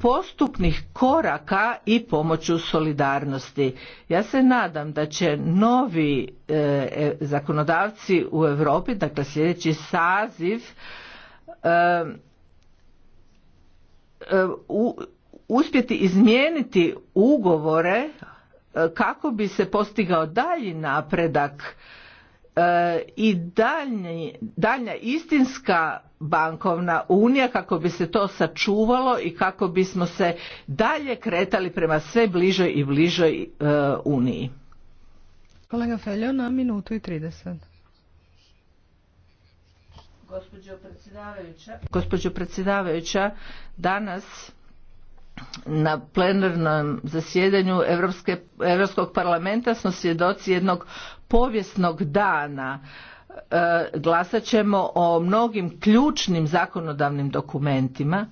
postupnih koraka i pomoću solidarnosti. Ja se nadam da će novi e, e, zakonodavci u Europi, dakle sljedeći saziv uspjeti izmijeniti ugovore kako bi se postigao dalji napredak E, i daljnja istinska bankovna unija kako bi se to sačuvalo i kako bismo se dalje kretali prema sve bližoj i bližoj e, uniji. Kolega Feljo, na minutu i 30. Gospođo predsjedavajuća, gospođo predsjedavajuća, danas na plenarnom zasjedanju Europskog parlamenta smo svjedoci jednog povijesnog dana e, glasat ćemo o mnogim ključnim zakonodavnim dokumentima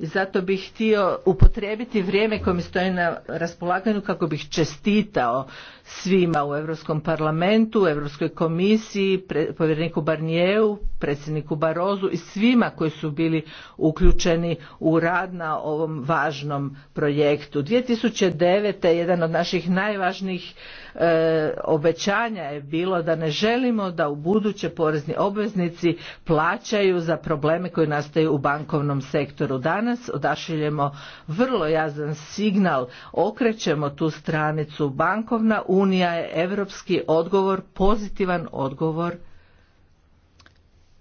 zato bih htio upotrijebiti vrijeme koje mi stoji na raspolaganju kako bih čestitao svima u Europskom parlamentu, Europskoj komisiji, povjereniku Barnijevu, predsjedniku Barozu i svima koji su bili uključeni u rad na ovom važnom projektu. 2009. jedan od naših najvažnijih e, obećanja je bilo da ne želimo da u buduće porezni obveznici plaćaju za probleme koji nastaju u bankovnom sektoru. Danas odašiljemo vrlo jazan signal, okrećemo tu stranicu. Bankovna unija je europski odgovor, pozitivan odgovor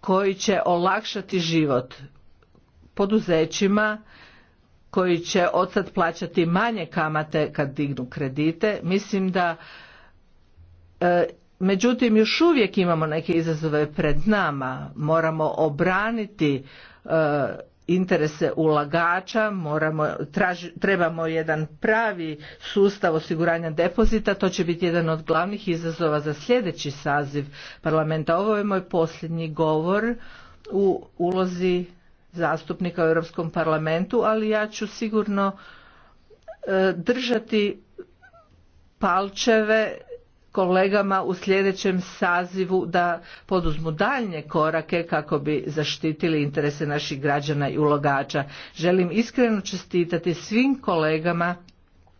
koji će olakšati život poduzećima koji će sad plaćati manje kamate kad dignu kredite. Mislim da e, međutim još uvijek imamo neke izazove pred nama. Moramo obraniti e, interese ulagača, moramo, trebamo jedan pravi sustav osiguranja depozita, to će biti jedan od glavnih izazova za sljedeći saziv parlamenta. Ovo je moj posljednji govor u ulozi zastupnika u Europskom parlamentu, ali ja ću sigurno e, držati palčeve kolegama u sljedećem sazivu da poduzmu daljnje korake kako bi zaštitili interese naših građana i ulogača. Želim iskreno čestitati svim kolegama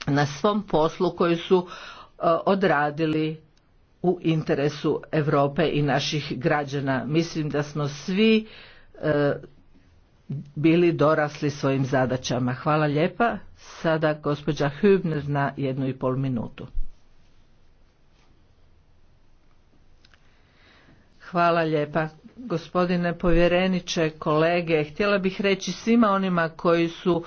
na svom poslu koji su e, odradili u interesu Europe i naših građana. Mislim da smo svi e, bili dorasli svojim zadaćama. Hvala lijepa. Sada gospođa Hübner na jednu i pol minutu. Hvala lijepa. Gospodine povjereniče, kolege, htjela bih reći svima onima koji su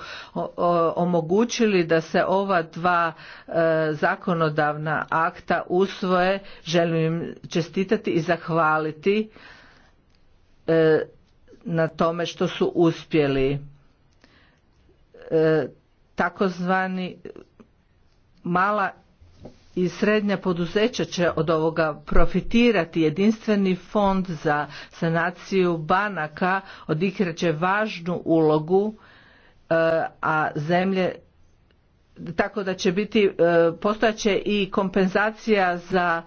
omogućili da se ova dva e, zakonodavna akta usvoje, želim im čestitati i zahvaliti e, na tome što su uspjeli e, takozvani mala i srednja poduzeća će od ovoga profitirati. Jedinstveni fond za sanaciju banaka odigraće važnu ulogu, e, a zemlje tako da će biti e, postojaće i kompenzacija za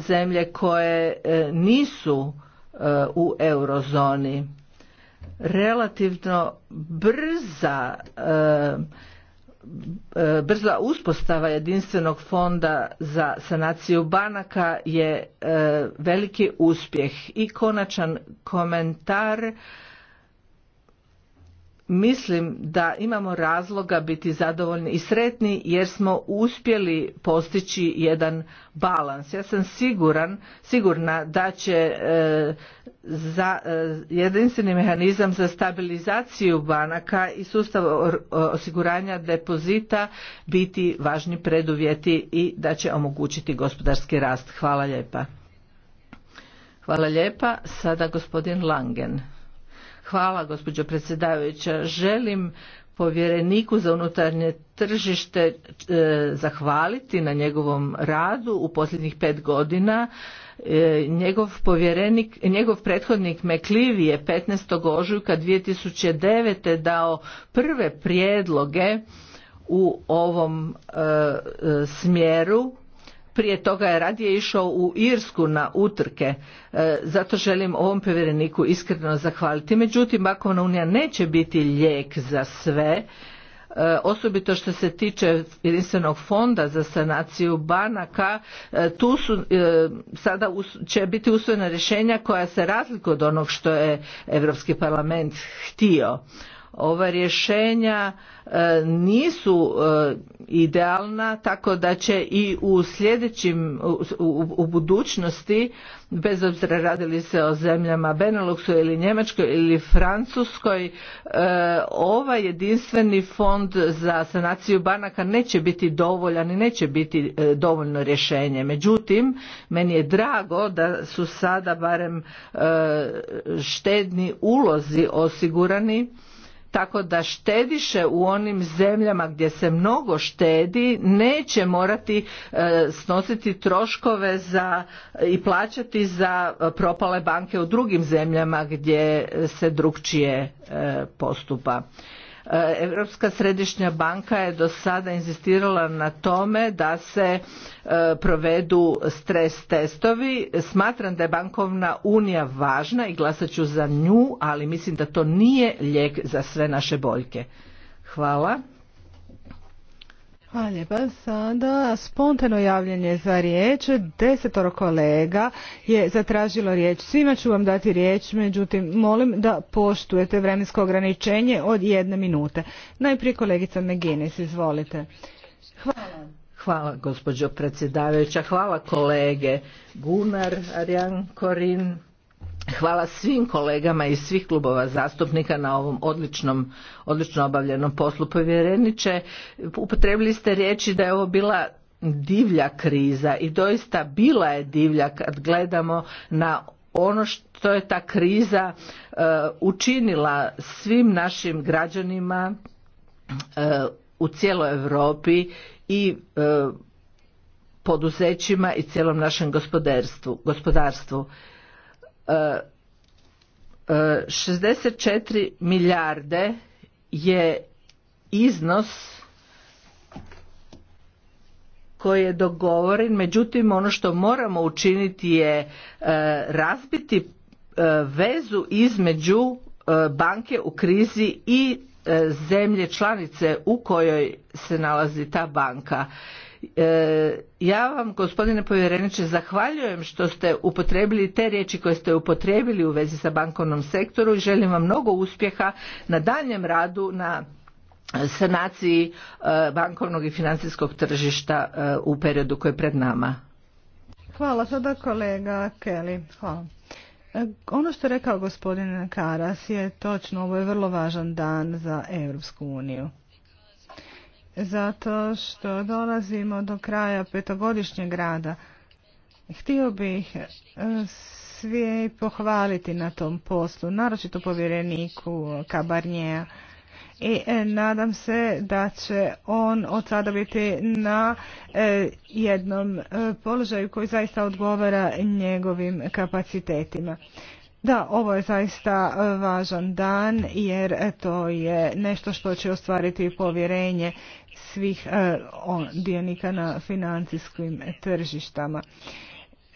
zemlje koje nisu u eurozoni. Relativno brza e, e, brza uspostava jedinstvenog fonda za sanaciju banaka je e, veliki uspjeh i konačan komentar mislim da imamo razloga biti zadovoljni i sretni jer smo uspjeli postići jedan balans ja sam siguran sigurna da će e, za e, jedinstveni mehanizam za stabilizaciju banaka i sustav osiguranja depozita biti važni preduvjeti i da će omogućiti gospodarski rast hvala lijepa hvala lijepa sada gospodin langen Hvala gospođo predsjedavajuća. Želim povjereniku za unutarnje tržište e, zahvaliti na njegovom radu u posljednjih pet godina. E, njegov, povjerenik, njegov prethodnik Meklivi je 15. ožujka 2009. dao prve prijedloge u ovom e, smjeru prije toga je radije išao u Irsku na utrke. E, zato želim ovom povjereniku iskreno zahvaliti. Međutim, bakovna unija neće biti lijek za sve, e, osobito što se tiče jedinstvenog fonda za sanaciju banaka, e, tu su sada će biti usvojena rješenja koja se razliku od onog što je Europski parlament htio ova rješenja e, nisu e, idealna tako da će i u sljedećim u budućnosti bez obzira radili se o zemljama Beneluxu ili Njemačkoj ili Francuskoj e, ovaj jedinstveni fond za sanaciju banaka neće biti dovoljan i neće biti dovoljno rješenje. Međutim, meni je drago da su sada barem štedni ulozi osigurani tako da štediše u onim zemljama gdje se mnogo štedi neće morati e, snositi troškove za i plaćati za e, propale banke u drugim zemljama gdje se drukčije e, postupa E, Europska središnja banka je do sada inzistirala na tome da se e, provedu stres testovi. Smatram da je bankovna unija važna i glasat ću za nju, ali mislim da to nije lijek za sve naše boljke. Hvala. Hvala lijepa. Sada spontano javljanje za riječ. Desetoro kolega je zatražilo riječ. Svima ću vam dati riječ, međutim molim da poštujete vremensko ograničenje od jedne minute. Najprije kolegica Meginis, izvolite. Hvala. Hvala gospođo predsjedavajuća, hvala kolege Gunar, Arjan, Korin, Hvala svim kolegama iz svih klubova zastupnika na ovom odličnom, odlično obavljenom poslu povjereniče. Upotrebili ste riječi da je ovo bila divlja kriza i doista bila je divlja kad gledamo na ono što je ta kriza e, učinila svim našim građanima e, u cijeloj Europi i e, poduzećima i cijelom našem gospodarstvu. gospodarstvu 64 milijarde je iznos koji je dogovoren, međutim ono što moramo učiniti je e, razbiti e, vezu između e, banke u krizi i zemlje članice u kojoj se nalazi ta banka E, ja vam gospodine povjereniče zahvaljujem što ste upotrijebili te riječi koje ste upotrijebili u vezi sa bankovnom sektoru i želim vam mnogo uspjeha na daljnjem radu na sanaciji e, bankovnog i financijskog tržišta e, u periodu koji je pred nama. Hvala sada kolega Kelly. Ono što je rekao gospodin Karas je točno, ovo je vrlo važan dan za Europsku uniju zato što dolazimo do kraja petogodišnjeg rada. Htio bih e, svi pohvaliti na tom poslu, naročito povjereniku Kabarnjeja. I e, nadam se da će on od sada biti na e, jednom položaju koji zaista odgovara njegovim kapacitetima. Da, ovo je zaista važan dan jer to je nešto što će ostvariti povjerenje svih e, dionika na financijskim tržištama.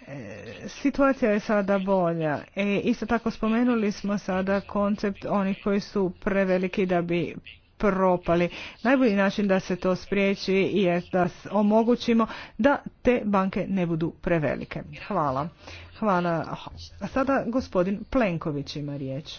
E, situacija je sada bolja. E, isto tako spomenuli smo sada koncept onih koji su preveliki da bi propali. Najbolji način da se to spriječi je da omogućimo da te banke ne budu prevelike. Hvala. Hvala. A sada gospodin Plenković ima riječ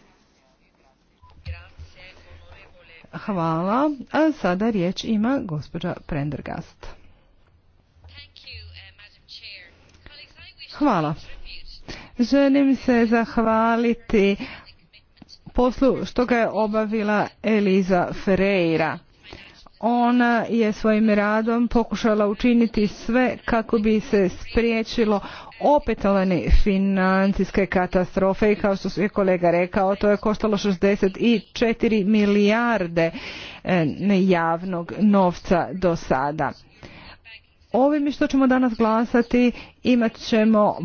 Hvala. A sada riječ ima gospođa Prendergast. Hvala. Želim se zahvaliti poslu što ga je obavila Eliza Ferreira. Ona je svojim radom pokušala učiniti sve kako bi se spriječilo opetovane financijske katastrofe i kao što je kolega rekao to je koštalo 64 milijarde e, javnog novca do sada. Ovim što ćemo danas glasati imat ćemo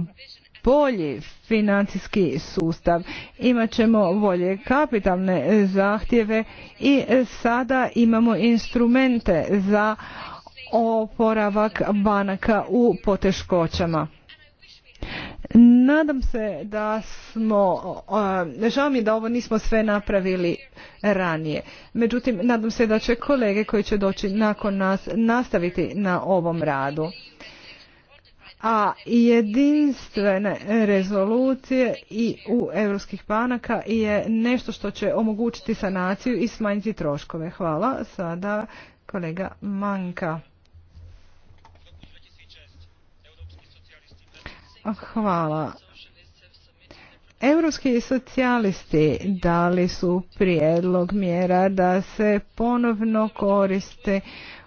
bolji financijski sustav, imat ćemo bolje kapitalne zahtjeve i sada imamo instrumente za oporavak banaka u poteškoćama. Nadam se da smo, žao mi da ovo nismo sve napravili ranije. Međutim, nadam se da će kolege koji će doći nakon nas nastaviti na ovom radu. A jedinstvene rezolucije i u europskih banaka je nešto što će omogućiti sanaciju i smanjiti troškove. Hvala. Sada kolega Manka. Hvala. Europski socijalisti dali su prijedlog mjera da se ponovno koriste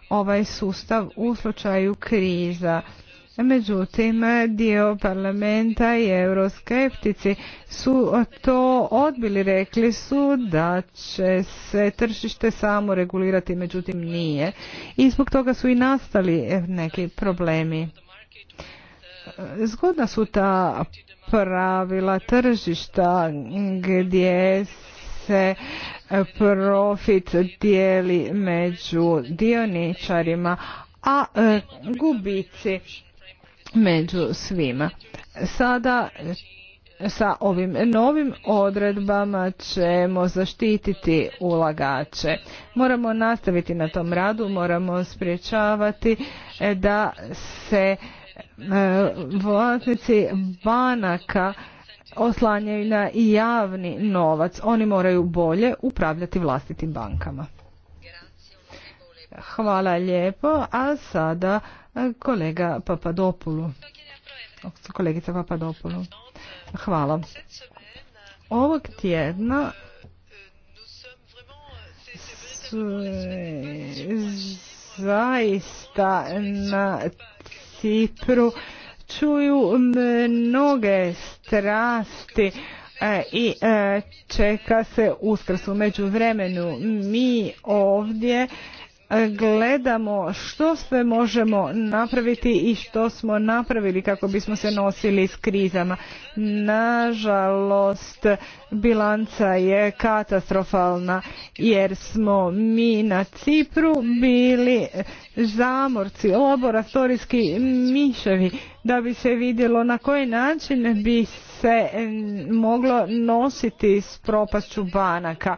ovaj sustav u slučaju kriza. Međutim, dio parlamenta i euroskeptici su to odbili, rekli su da će se tržište samo regulirati, međutim nije. I zbog toga su i nastali neki problemi. Zgodna su ta pravila tržišta gdje se profit dijeli među dioničarima, a e, gubici među svima. Sada sa ovim novim odredbama ćemo zaštititi ulagače. Moramo nastaviti na tom radu, moramo spriječavati da se E, vlasnici banaka oslanjaju na javni novac. Oni moraju bolje upravljati vlastitim bankama. Hvala lijepo. A sada e, kolega Papadopulu. Kolegica Papadopulu. Hvala. Ovog tjedna zaista na Cipru čuju mnoge strasti e, i e, čeka se uskrs u međuvremenu mi ovdje gledamo što sve možemo napraviti i što smo napravili kako bismo se nosili s krizama. Nažalost, bilanca je katastrofalna jer smo mi na Cipru bili zamorci, laboratorijski miševi da bi se vidjelo na koji način bi se moglo nositi s propašću banaka.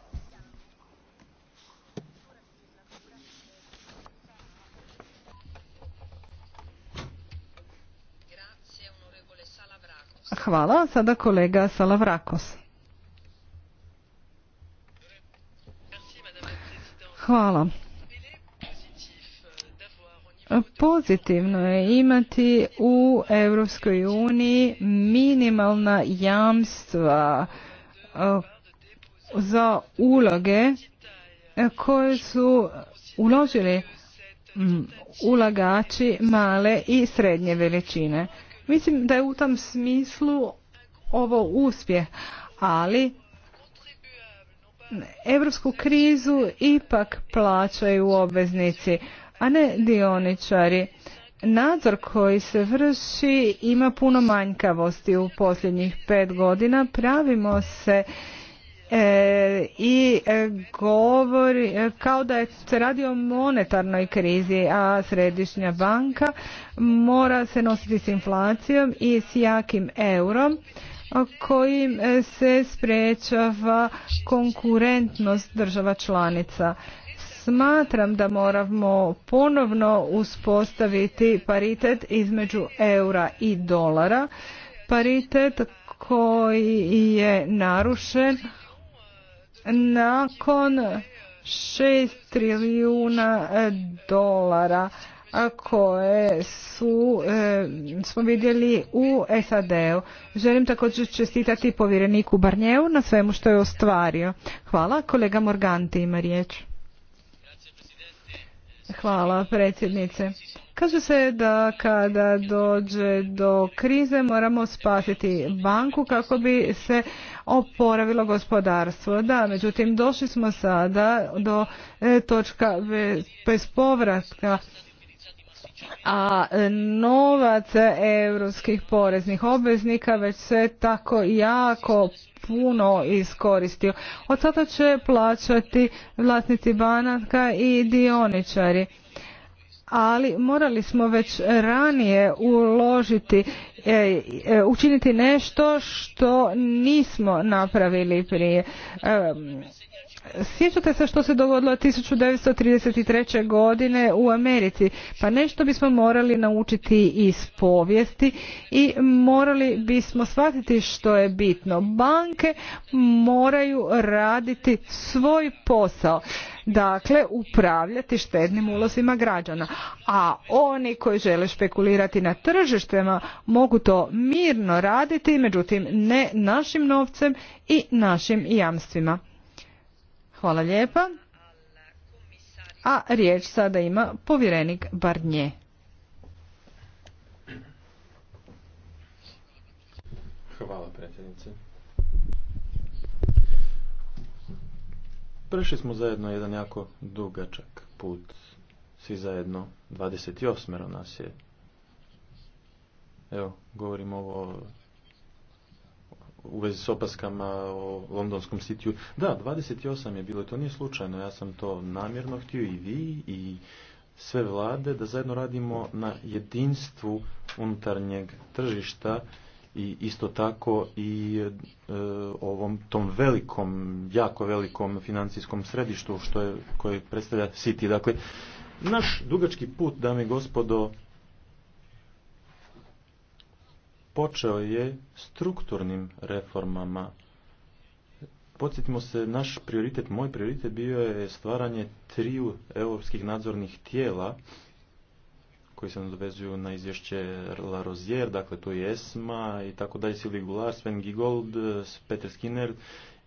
Hvala. Sada kolega Salavrakos. Hvala. Pozitivno je imati u Europskoj uniji minimalna jamstva e, za uloge e, koje su uložili ulagači male i srednje veličine. Mislim da je u tom smislu ovo uspjeh, ali europsku krizu ipak plaćaju obveznici, a ne dioničari. Nadzor koji se vrši ima puno manjkavosti u posljednjih pet godina. Pravimo se E, i e, govori e, kao da se radi o monetarnoj krizi, a središnja banka mora se nositi s inflacijom i s jakim eurom kojim se sprečava konkurentnost država članica. Smatram da moramo ponovno uspostaviti paritet između eura i dolara, paritet koji je narušen nakon 6 trilijuna e, dolara koje su e, smo vidjeli u SAD-u. Želim također čestitati povjereniku Barnjevu na svemu što je ostvario. Hvala. Kolega Morganti ima riječ. Hvala predsjednice. Kaže se da kada dođe do krize moramo spasiti banku kako bi se oporavilo gospodarstvo. Da, međutim došli smo sada do e, točka bez povratka a e, novac europskih poreznih obveznika već se tako jako puno iskoristio. Od sada će plaćati vlasnici banaka i dioničari ali morali smo već ranije uložiti e, e, učiniti nešto što nismo napravili prije e, Sjećate se što se dogodilo 1933. godine u Americi, pa nešto bismo morali naučiti iz povijesti i morali bismo shvatiti što je bitno. Banke moraju raditi svoj posao dakle upravljati štednim ulozima građana. A oni koji žele špekulirati na tržištima mogu to mirno raditi, međutim ne našim novcem i našim jamstvima. Hvala lijepa. A riječ sada ima povjerenik Barnje. Hvala predsjednice. Prešli smo zajedno jedan jako dugačak put. Svi zajedno, 28. nas je. Evo, govorimo o u vezi s opaskama o londonskom sitiju. Da, 28 je bilo i to nije slučajno. Ja sam to namjerno htio i vi i sve vlade da zajedno radimo na jedinstvu unutarnjeg tržišta i isto tako i e, ovom tom velikom, jako velikom financijskom središtu što je, koje predstavlja City. Dakle, naš dugački put, dame i gospodo, počeo je strukturnim reformama. Podsjetimo se, naš prioritet, moj prioritet bio je stvaranje triju europskih nadzornih tijela koji se nadovezuju na izvješće La Rozier, dakle to je ESMA i tako dalje, Silvi Gular, Sven Gigold, eh, Peter Skinner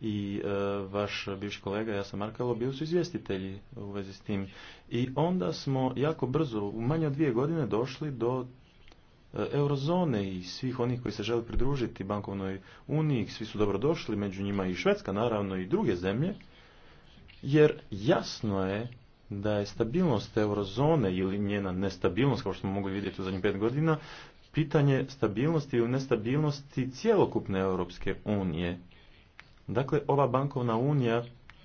i eh, vaš bivši kolega, ja sam Markalo, bili su izvjestitelji u vezi s tim. I onda smo jako brzo, u manje od dvije godine, došli do eh, eurozone i svih onih koji se žele pridružiti bankovnoj uniji, svi su dobro došli, među njima i Švedska naravno i druge zemlje, jer jasno je da je stabilnost eurozone ili njena nestabilnost, kao što smo mogli vidjeti u zadnjih pet godina, pitanje stabilnosti ili nestabilnosti cjelokupne Europske unije. Dakle, ova bankovna unija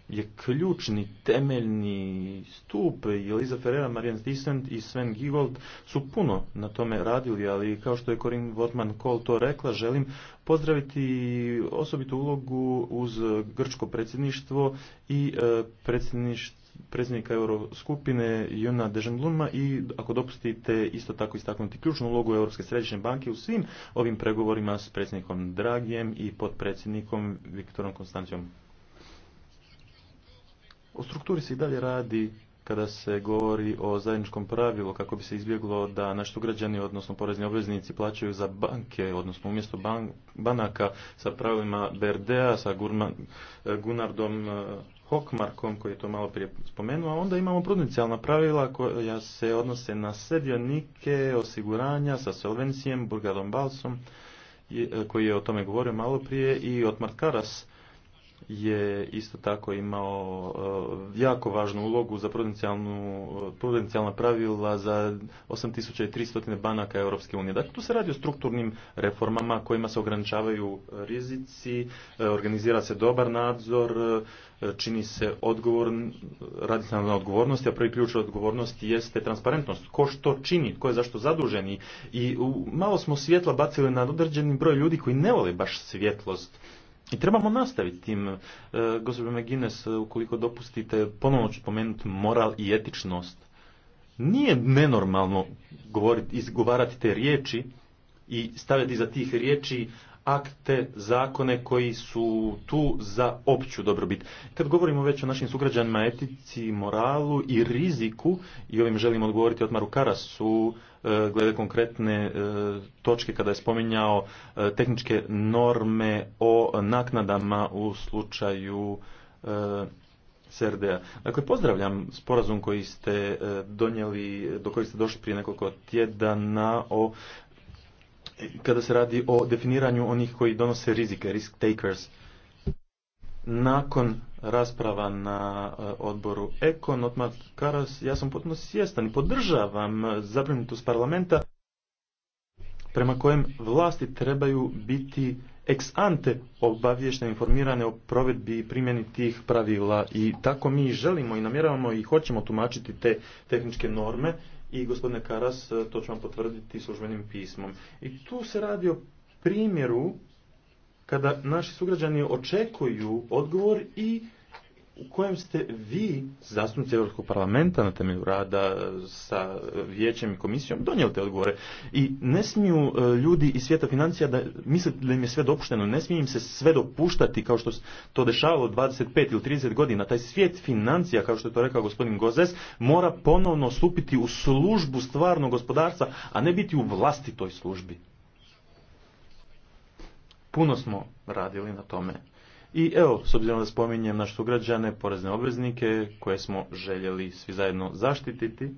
je ključni temeljni stup i Eliza Ferreira, Marijan Thyssen i Sven Giegold su puno na tome radili, ali kao što je Corinne Wortman Kohl to rekla, želim pozdraviti osobitu ulogu uz grčko predsjedništvo i e, predsjedništvo predsjednika Euroskupine Jona Dežendluma i ako dopustite isto tako istaknuti ključnu ulogu Europske središnje banke u svim ovim pregovorima s predsjednikom Dragijem i potpredsjednikom Viktorom Konstancijom. O strukturi se i dalje radi kada se govori o zajedničkom pravilu kako bi se izbjeglo da naši sugrađani, odnosno porezni obveznici, plaćaju za banke, odnosno umjesto banaka sa pravilima BRD-a, sa Gunardom Hokmarkom koji je to malo prije spomenuo, a onda imamo prudencijalna pravila koja se odnose na sve dionike osiguranja sa Solvencijem, Burgadom Balsom, e, koji je o tome govorio malo prije, i Otmar Karas je isto tako imao e, jako važnu ulogu za e, prudencijalna pravila za 8300 banaka Europske unije. Dakle, tu se radi o strukturnim reformama kojima se ograničavaju rizici, organizira se dobar nadzor, čini se odgovor, radi se na odgovornosti, a prvi ključ odgovornosti jeste transparentnost. Ko što čini, ko je zašto zaduženi. I malo smo svjetla bacili na određeni broj ljudi koji ne vole baš svjetlost. I trebamo nastaviti tim. gospodine Gospodin ukoliko dopustite, ponovno ću spomenuti moral i etičnost. Nije nenormalno govoriti, izgovarati te riječi i staviti za tih riječi akte, zakone koji su tu za opću dobrobit. Kad govorimo već o našim sugrađanima, etici, moralu i riziku, i ovim želim odgovoriti Otmaru Karasu, e, glede konkretne e, točke kada je spominjao e, tehničke norme o naknadama u slučaju srd Dakle, pozdravljam sporazum koji ste donijeli, do koji ste došli prije nekoliko tjedana o kada se radi o definiranju onih koji donose rizike, risk takers. Nakon rasprava na eh, odboru Ekon, odmah Karas, ja sam potpuno svjestan i podržavam zabrinutost parlamenta prema kojem vlasti trebaju biti ex ante obavješne, informirane o provedbi i primjeni tih pravila i tako mi želimo i namjeravamo i hoćemo tumačiti te tehničke norme i gospodine Karas, to ću vam potvrditi službenim pismom. I tu se radi o primjeru kada naši sugrađani očekuju odgovor i u kojem ste vi, zastupnici Europskog parlamenta na temelju rada sa vijećem i komisijom, donijeli te odgovore. I ne smiju e, ljudi iz svijeta financija da misle da im je sve dopušteno, ne smije im se sve dopuštati kao što to dešavalo 25 ili 30 godina. Taj svijet financija, kao što je to rekao gospodin Gozes, mora ponovno stupiti u službu stvarnog gospodarstva, a ne biti u vlasti toj službi. Puno smo radili na tome i evo, s obzirom da spominjem naše sugrađane, porezne obveznike koje smo željeli svi zajedno zaštititi,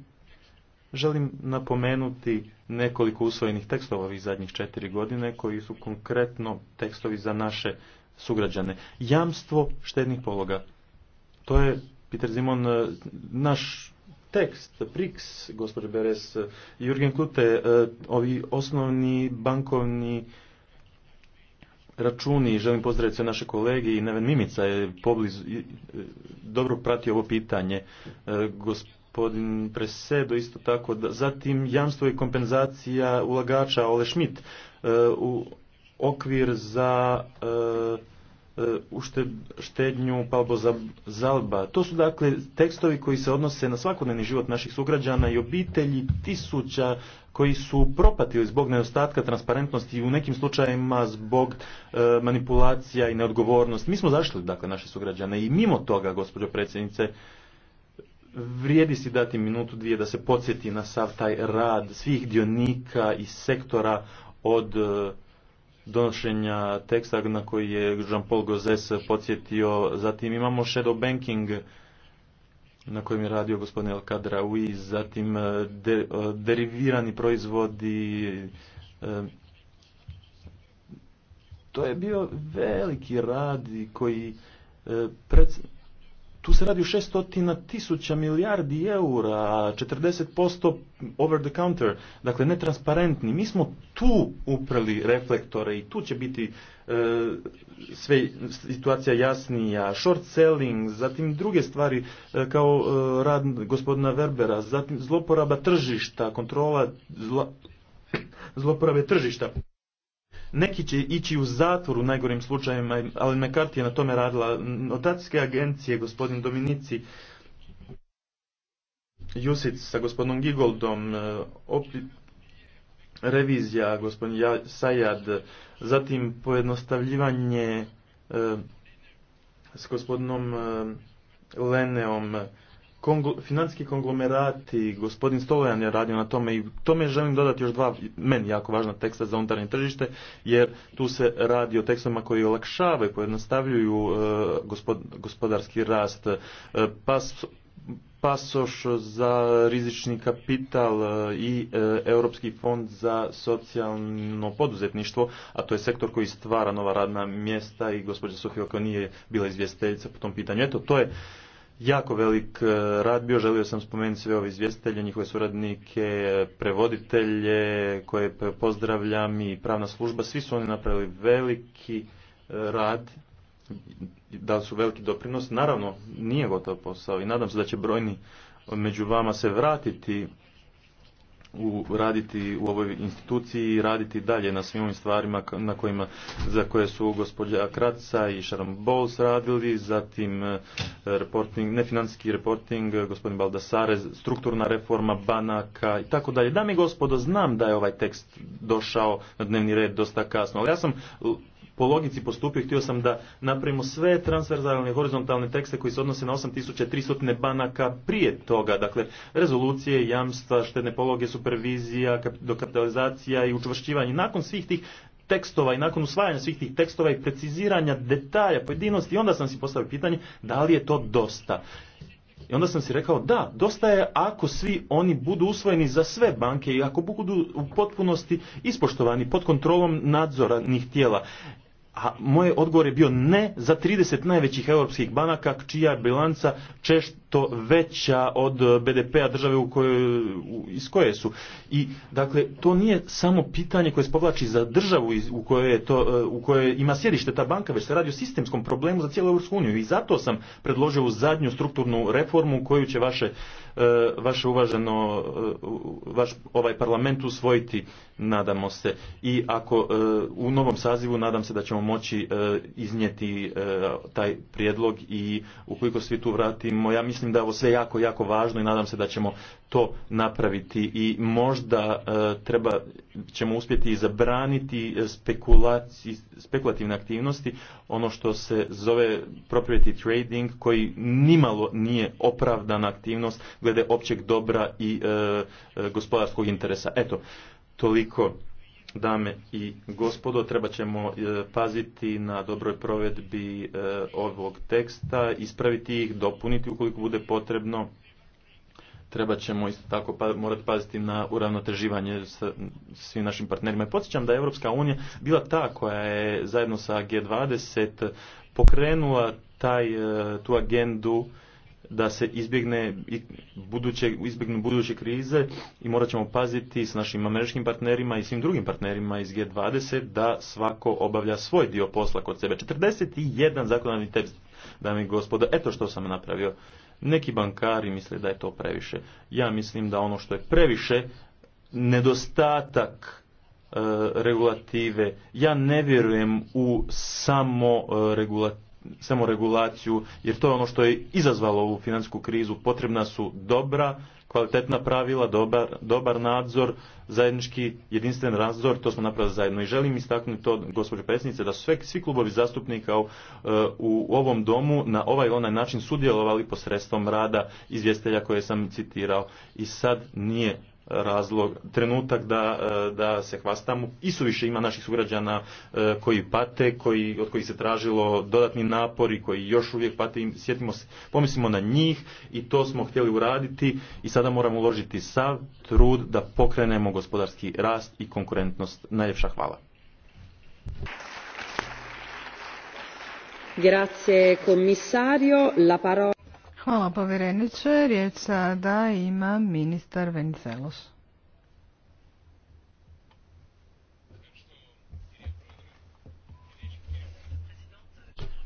želim napomenuti nekoliko usvojenih tekstova ovih zadnjih četiri godine koji su konkretno tekstovi za naše sugrađane. Jamstvo štednih pologa. To je, Peter Zimon, naš tekst, priks, gospođe Beres, Jurgen Klute, e, ovi osnovni bankovni računi. Želim pozdraviti sve naše kolege i Neven Mimica je poblizu, e, dobro pratio ovo pitanje. E, gospodin Presedo isto tako. Zatim jamstvo i kompenzacija ulagača Ole Schmidt e, u okvir za E, štednju za Zalba. To su dakle tekstovi koji se odnose na svakodnevni život naših sugrađana i obitelji tisuća koji su propatili zbog nedostatka transparentnosti i u nekim slučajevima zbog e, manipulacija i neodgovornosti. Mi smo zašli dakle naše sugrađane i mimo toga, gospođo predsjednice, vrijedi si dati minutu dvije da se podsjeti na sav taj rad svih dionika i sektora od e, donošenja teksta na koji je Jean-Paul Gozes podsjetio. Zatim imamo shadow banking na kojem je radio gospodin El Kadraoui, zatim e, de, e, derivirani proizvodi. E, to je bio veliki rad koji pred, tu se radi o šestotina tisuća milijardi eura, 40% over the counter, dakle netransparentni. Mi smo tu uprali reflektore i tu će biti e, sve situacija jasnija, short selling, zatim druge stvari e, kao e, rad gospodina Verbera, zatim zloporaba tržišta, kontrola zla, zloporabe tržišta. Neki će ići u zatvor u najgorim slučajevima, ali McCarthy je na tome radila. Notacijske agencije, gospodin Dominici, Jusic sa gospodinom Gigoldom, e, revizija gospodin Sajad, zatim pojednostavljivanje e, s gospodinom e, Leneom, financijski konglomerati, gospodin Stolojan je radio na tome i tome želim dodati još dva meni jako važna teksta za unutarnje tržište, jer tu se radi o tekstovima koji olakšavaju, pojednostavljuju e, gospodarski rast, e, pasoš za rizični kapital e, i Europski fond za socijalno poduzetništvo, a to je sektor koji stvara nova radna mjesta i gospođa Sofija koja nije bila izvjestiteljica po tom pitanju. Eto, to je jako velik e, rad bio. Želio sam spomenuti sve ove izvjestitelje, njihove suradnike, prevoditelje koje pozdravljam i pravna služba. Svi su oni napravili veliki e, rad, da su veliki doprinos. Naravno, nije gotov posao i nadam se da će brojni među vama se vratiti u, raditi u ovoj instituciji i raditi dalje na svim ovim stvarima na kojima, za koje su gospođa Kratca i Sharon Bowles radili, zatim eh, reporting, nefinancijski reporting, eh, gospodin Baldasare, strukturna reforma banaka i tako dalje. Dame i gospodo, znam da je ovaj tekst došao na dnevni red dosta kasno, ali ja sam po logici postupio, htio sam da napravimo sve transverzalne horizontalne tekste koji se odnose na 8300 banaka prije toga, dakle rezolucije, jamstva, štedne pologe, supervizija, dokapitalizacija i učvršćivanje. Nakon svih tih tekstova i nakon usvajanja svih tih tekstova i preciziranja detalja, pojedinosti, onda sam si postavio pitanje da li je to dosta. I onda sam si rekao da, dosta je ako svi oni budu usvojeni za sve banke i ako budu u potpunosti ispoštovani pod kontrolom nadzornih tijela a moj odgovor je bio ne za 30 najvećih europskih banaka čija je bilanca često veća od BDP-a države u iz koje su. I dakle, to nije samo pitanje koje se povlači za državu u kojoj, je to, u kojoj ima sjedište ta banka, već se radi o sistemskom problemu za cijelu Europsku uniju. I zato sam predložio zadnju strukturnu reformu koju će vaše E, vaše uvaženo, e, vaš ovaj parlament usvojiti, nadamo se. I ako e, u novom sazivu nadam se da ćemo moći iznijeti taj prijedlog i ukoliko svi tu vratimo, ja mislim da je ovo sve jako, jako važno i nadam se da ćemo to napraviti i možda treba, ćemo uspjeti i zabraniti spekulativne aktivnosti, ono što se zove property trading koji nimalo nije opravdana aktivnost glede općeg dobra i e, e, gospodarskog interesa. Eto, toliko dame i gospodo, treba ćemo e, paziti na dobroj provedbi ovog teksta, ispraviti ih, dopuniti ukoliko bude potrebno. Treba ćemo isto tako pa, morati paziti na uravnoteživanje s svim našim partnerima. I podsjećam da je Europska unija bila ta koja je zajedno sa G20 pokrenula taj, tu agendu da se izbjegne buduće, izbjegnu buduće krize i morat ćemo paziti s našim američkim partnerima i svim drugim partnerima iz G20 da svako obavlja svoj dio posla kod sebe. 41 zakonodavni tekst, dame i gospodo, eto što sam napravio. Neki bankari misle da je to previše. Ja mislim da ono što je previše, nedostatak e, regulative. Ja ne vjerujem u samo e, regulativu samoregulaciju, jer to je ono što je izazvalo ovu financijsku krizu. Potrebna su dobra, kvalitetna pravila, dobar, dobar nadzor, zajednički jedinstven nadzor, to smo napravili zajedno. I želim istaknuti to, gospođo predsjednice, da su sve, svi klubovi zastupnika uh, u, ovom domu na ovaj onaj način sudjelovali posredstvom rada izvjestelja koje sam citirao. I sad nije razlog, trenutak da, e, da se hvastamo. I su više ima naših sugrađana e, koji pate, koji, od kojih se tražilo dodatni napori, koji još uvijek pate. Sjetimo se, pomislimo na njih i to smo htjeli uraditi i sada moramo uložiti sav trud da pokrenemo gospodarski rast i konkurentnost. Najljepša hvala. Grazie commissario, la parola Hvala povjereniče. Riječ sada ima ministar Venizelos.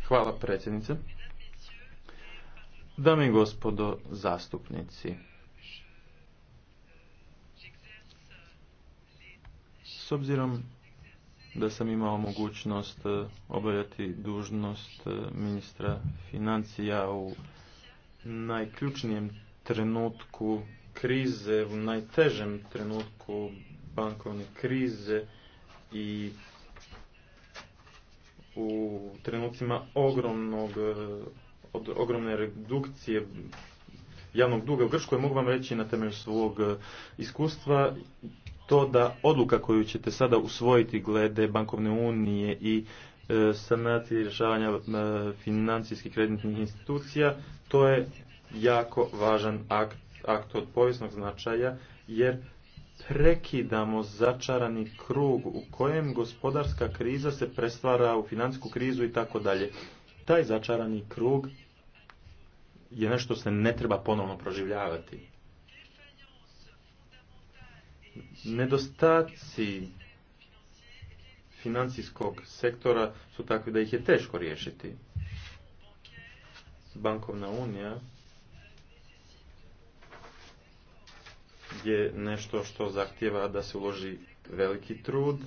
Hvala predsjednice. Dame i gospodo zastupnici, s obzirom da sam imao mogućnost eh, obavljati dužnost eh, ministra financija u najključnijem trenutku krize, u najtežem trenutku bankovne krize i u trenucima ogromnog, ogromne redukcije javnog duga u Grčkoj, mogu vam reći na temelju svog iskustva to da odluka koju ćete sada usvojiti glede bankovne unije i e, sanacije rješavanja e, financijskih kreditnih institucija to je jako važan akt, akt od povijesnog značaja jer prekidamo začarani krug u kojem gospodarska kriza se prestvara u financijsku krizu i tako dalje. Taj začarani krug je nešto se ne treba ponovno proživljavati. Nedostaci financijskog sektora su takvi da ih je teško riješiti bankovna unija je nešto što zahtjeva da se uloži veliki trud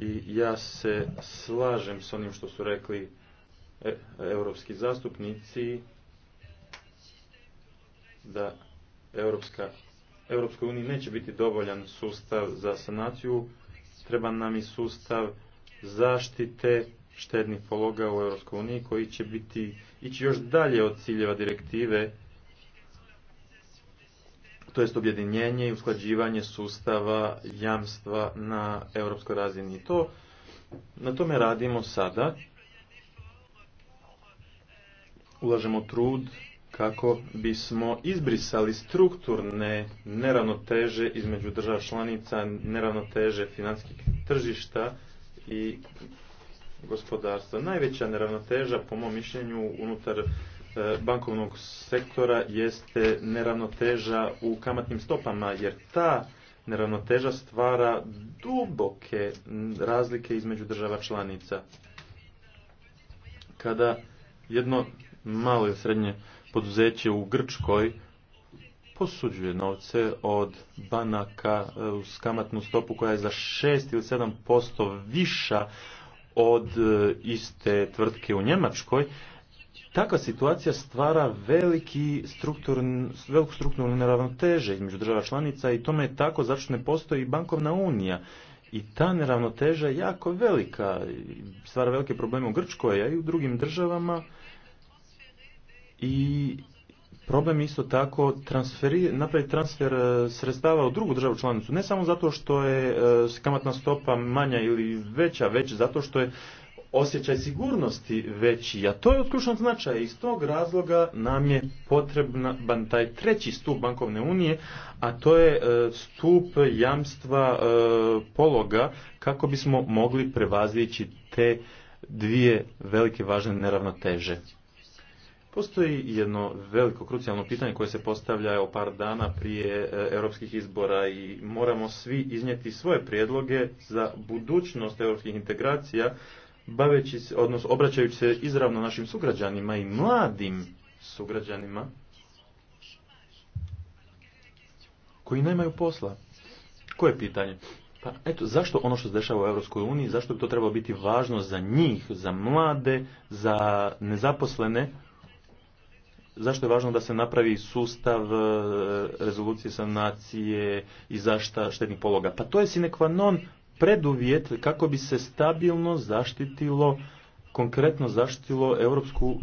i ja se slažem s onim što su rekli e, europski zastupnici da Europska, Europskoj uniji neće biti dovoljan sustav za sanaciju, treba nam i sustav zaštite štednih pologa u EU koji će biti ići još dalje od ciljeva direktive to jest objedinjenje i usklađivanje sustava jamstva na europskoj razini. To, na tome radimo sada. Ulažemo trud kako bismo izbrisali strukturne neravnoteže između država članica, neravnoteže financijskih tržišta i gospodarstva. Najveća neravnoteža, po mom mišljenju, unutar e, bankovnog sektora jeste neravnoteža u kamatnim stopama, jer ta neravnoteža stvara duboke razlike između država članica. Kada jedno malo i srednje poduzeće u Grčkoj posuđuje novce od banaka e, uz kamatnu stopu koja je za 6 ili 7% viša od e, iste tvrtke u Njemačkoj, takva situacija stvara veliki strukturn, veliku strukturnu neravnoteže između država članica i tome je tako zato što ne postoji bankovna unija. I ta neravnoteža je jako velika, stvara velike probleme u Grčkoj, a i u drugim državama. I problem isto tako napraviti transfer e, sredstava u drugu državu članicu. Ne samo zato što je e, kamatna stopa manja ili veća, već zato što je osjećaj sigurnosti veći, a to je od ključnog značaja. Iz tog razloga nam je potreban taj treći stup bankovne unije, a to je e, stup jamstva pologa kako bismo mogli prevazići te dvije velike važne neravnoteže. Postoji jedno veliko, krucijalno pitanje koje se postavlja o par dana prije e, europskih izbora i moramo svi iznijeti svoje prijedloge za budućnost europskih integracija, baveći se, odnosno obraćajući se izravno našim sugrađanima i mladim sugrađanima koji nemaju posla. Koje pitanje? Pa eto, zašto ono što se dešava u Europskoj uniji, zašto bi to trebalo biti važno za njih, za mlade, za nezaposlene, zašto je važno da se napravi sustav e, rezolucije sanacije i zašta štednih pologa? Pa to je sine non preduvjet kako bi se stabilno zaštitilo, konkretno zaštitilo Europsku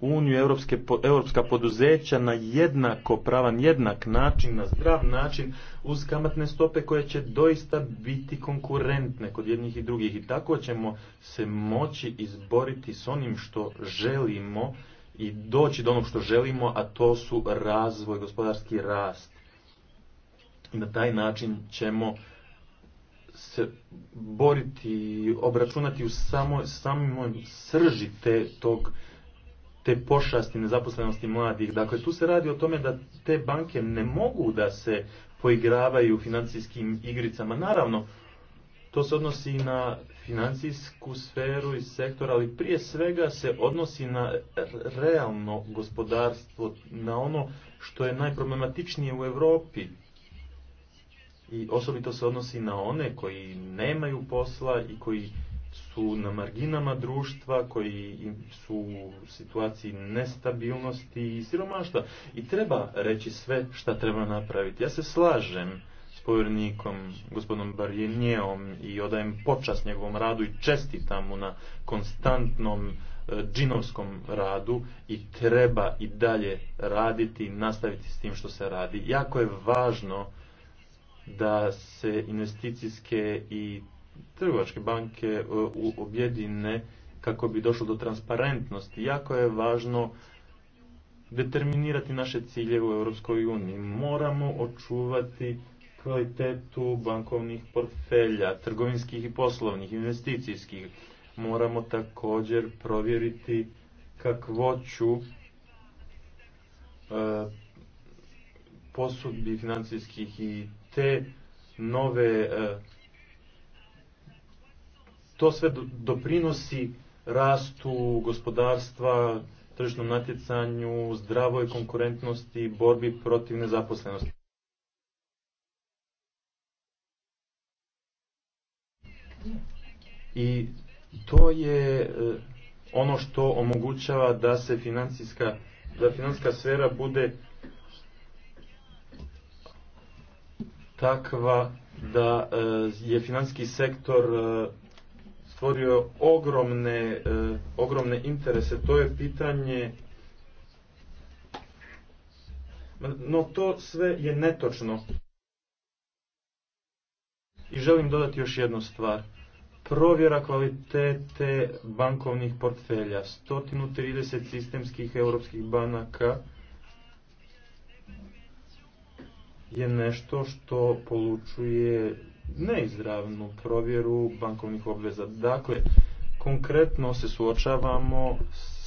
uniju, europske, europska poduzeća na jednako pravan, jednak način, na zdrav način, uz kamatne stope koje će doista biti konkurentne kod jednih i drugih. I tako ćemo se moći izboriti s onim što želimo i doći do onog što želimo, a to su razvoj, gospodarski rast. I na taj način ćemo se boriti, obračunati u samo, samoj srži te, tog, te pošasti nezaposlenosti mladih. Dakle, tu se radi o tome da te banke ne mogu da se poigravaju financijskim igricama. Naravno, to se odnosi na financijsku sferu i sektor, ali prije svega se odnosi na realno gospodarstvo, na ono što je najproblematičnije u Europi. I osobito se odnosi na one koji nemaju posla i koji su na marginama društva, koji su u situaciji nestabilnosti i siromaštva. I treba reći sve šta treba napraviti. Ja se slažem povjerenikom gospodinom Barjenijeom i odajem počas njegovom radu i čestitam mu na konstantnom e, džinovskom radu i treba i dalje raditi i nastaviti s tim što se radi. Jako je važno da se investicijske i trgovačke banke e, objedine kako bi došlo do transparentnosti. Jako je važno determinirati naše cilje u Europskoj uniji. Moramo očuvati kvalitetu bankovnih portfelja, trgovinskih i poslovnih, investicijskih. Moramo također provjeriti kakvoću e, posudbi financijskih i te nove e, to sve doprinosi rastu gospodarstva, tržišnom natjecanju, zdravoj konkurentnosti, borbi protiv nezaposlenosti. i to je e, ono što omogućava da se financijska da financijska sfera bude takva da e, je financijski sektor e, stvorio ogromne, ogromne interese. To je pitanje no to sve je netočno. I želim dodati još jednu stvar. Provjera kvalitete bankovnih portfelja. 130 sistemskih europskih banaka je nešto što polučuje neizravnu provjeru bankovnih obveza. Dakle, konkretno se suočavamo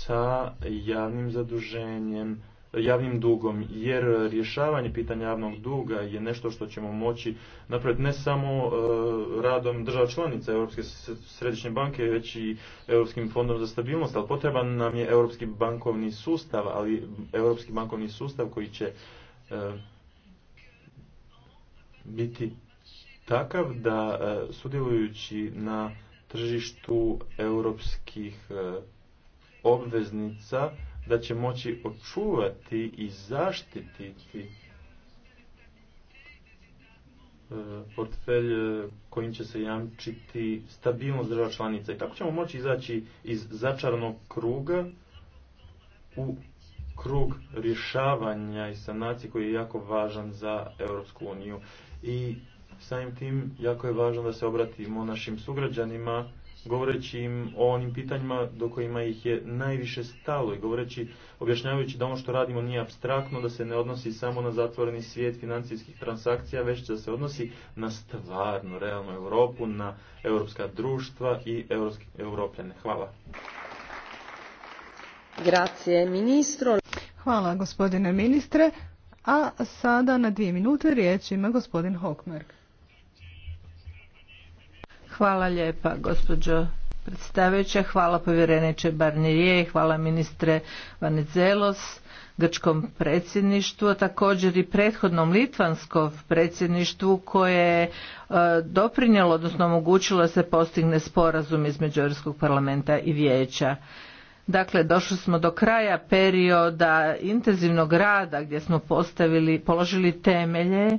sa javnim zaduženjem javnim dugom, jer e, rješavanje pitanja javnog duga je nešto što ćemo moći napraviti ne samo e, radom država članica Europske središnje banke, već i Europskim fondom za stabilnost, ali potreban nam je Europski bankovni sustav, ali Europski bankovni sustav koji će e, biti takav da sudjelujući na tržištu europskih obveznica da će moći očuvati i zaštititi e, portfelj e, kojim će se jamčiti stabilnost država članica i tako ćemo moći izaći iz začarnog kruga u krug rješavanja i sanacije koji je jako važan za Europsku uniju. I samim tim jako je važno da se obratimo našim sugrađanima govoreći im o onim pitanjima do kojima ih je najviše stalo i govoreći, objašnjavajući da ono što radimo nije abstraktno, da se ne odnosi samo na zatvoreni svijet financijskih transakcija, već da se odnosi na stvarnu, realnu Europu, na europska društva i europske europljane. Hvala. Grazie, ministro. Hvala, gospodine ministre. A sada na dvije minute riječ ima gospodin Hokmerk. Hvala lijepa gospođo predstavajuća, hvala povjereniče Barnirije, hvala ministre Vanizelos, grčkom predsjedništvu, a također i prethodnom litvanskom predsjedništvu koje je doprinjelo, odnosno omogućilo da se postigne sporazum između Europskog parlamenta i vijeća. Dakle, došli smo do kraja perioda intenzivnog rada gdje smo postavili, položili temelje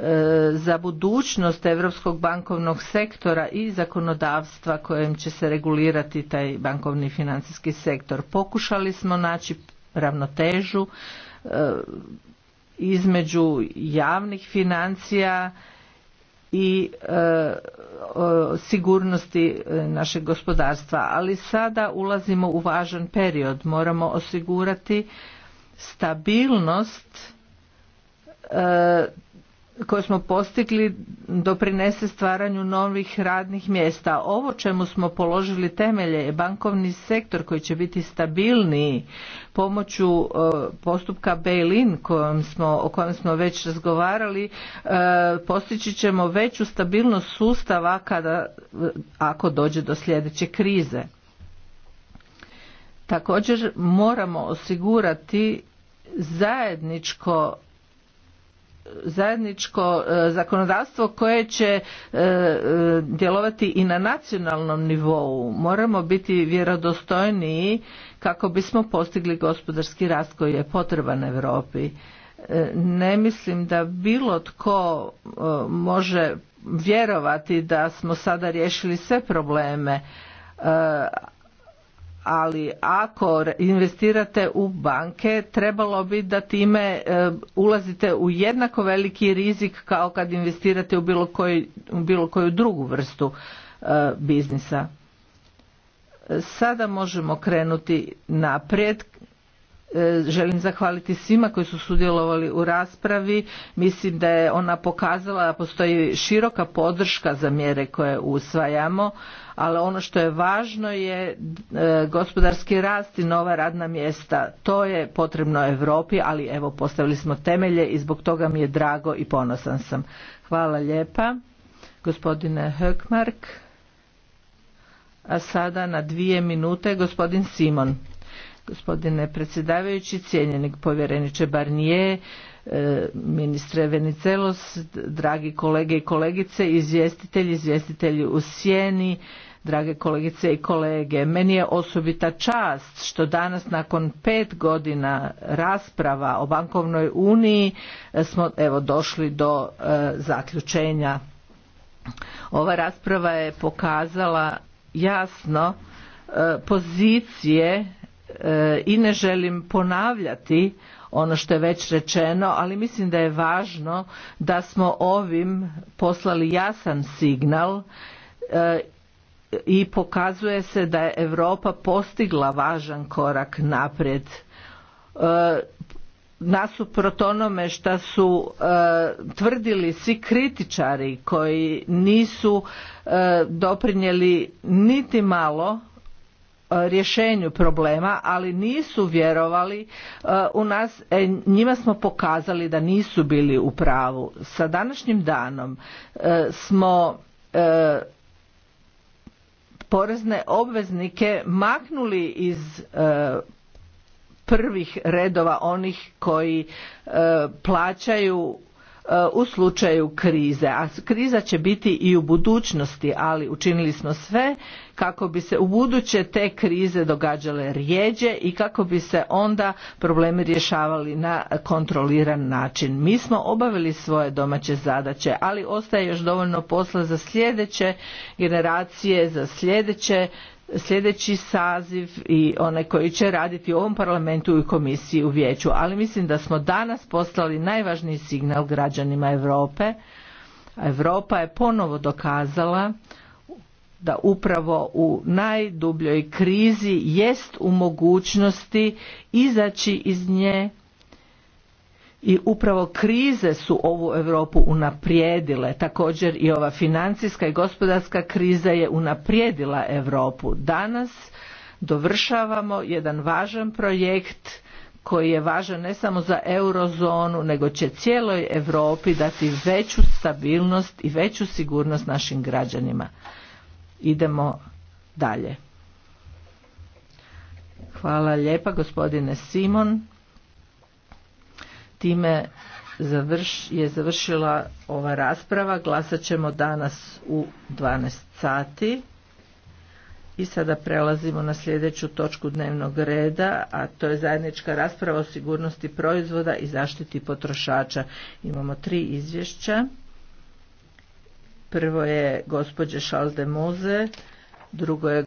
E, za budućnost europskog bankovnog sektora i zakonodavstva kojim će se regulirati taj bankovni financijski sektor. Pokušali smo naći ravnotežu e, između javnih financija i e, sigurnosti našeg gospodarstva, ali sada ulazimo u važan period. Moramo osigurati stabilnost koje smo postigli doprinese stvaranju novih radnih mjesta. Ovo čemu smo položili temelje je bankovni sektor koji će biti stabilniji pomoću e, postupka bail-in o kojem smo već razgovarali. E, postići ćemo veću stabilnost sustava kada, ako dođe do sljedeće krize. Također moramo osigurati zajedničko zajedničko e, zakonodavstvo koje će e, e, djelovati i na nacionalnom nivou. Moramo biti vjerodostojniji kako bismo postigli gospodarski rast koji je potreban Europi. Ne mislim da bilo tko može vjerovati da smo sada riješili sve probleme ali ako investirate u banke trebalo bi da time e, ulazite u jednako veliki rizik kao kad investirate u bilo, koji, u bilo koju drugu vrstu e, biznisa. E, sada možemo krenuti naprijed E, želim zahvaliti svima koji su sudjelovali u raspravi. Mislim da je ona pokazala da postoji široka podrška za mjere koje usvajamo, ali ono što je važno je e, gospodarski rast i nova radna mjesta. To je potrebno Europi, ali evo postavili smo temelje i zbog toga mi je drago i ponosan sam. Hvala lijepa. Gospodine Hökmark. A sada na dvije minute gospodin Simon. Gospodine predsjedavajući, cijenjeni povjereniče Barnije, ministre Venicelos, dragi kolege i kolegice, izvjestitelji, izvjestitelji u sjeni, drage kolegice i kolege. Meni je osobita čast što danas nakon pet godina rasprava o bankovnoj uniji smo evo došli do e, zaključenja. Ova rasprava je pokazala jasno e, pozicije E, i ne želim ponavljati ono što je već rečeno, ali mislim da je važno da smo ovim poslali jasan signal e, i pokazuje se da je Europa postigla važan korak naprijed. E, nasuprot onome što su tvrdili svi kritičari koji nisu doprinijeli niti malo rješenju problema, ali nisu vjerovali e, u nas, e, njima smo pokazali da nisu bili u pravu. Sa današnjim danom e, smo porezne obveznike maknuli iz prvih redova onih koji plaćaju u slučaju krize a kriza će biti i u budućnosti ali učinili smo sve kako bi se buduće te krize događale rijeđe i kako bi se onda problemi rješavali na kontroliran način. Mi smo obavili svoje domaće zadaće, ali ostaje još dovoljno posla za sljedeće generacije, za sljedeće sljedeći saziv i one koji će raditi u ovom parlamentu i komisiji u vijeću. Ali mislim da smo danas poslali najvažniji signal građanima Europe. Europa je ponovo dokazala da upravo u najdubljoj krizi jest u mogućnosti izaći iz nje i upravo krize su ovu Europu unaprijedile. Također i ova financijska i gospodarska kriza je unaprijedila Europu. Danas dovršavamo jedan važan projekt koji je važan ne samo za eurozonu, nego će cijeloj Europi dati veću stabilnost i veću sigurnost našim građanima idemo dalje. Hvala lijepa gospodine Simon. Time je završila ova rasprava. Glasat ćemo danas u 12 sati. I sada prelazimo na sljedeću točku dnevnog reda, a to je zajednička rasprava o sigurnosti proizvoda i zaštiti potrošača. Imamo tri izvješća. Prvo je gospođe Šalde Moze, drugo je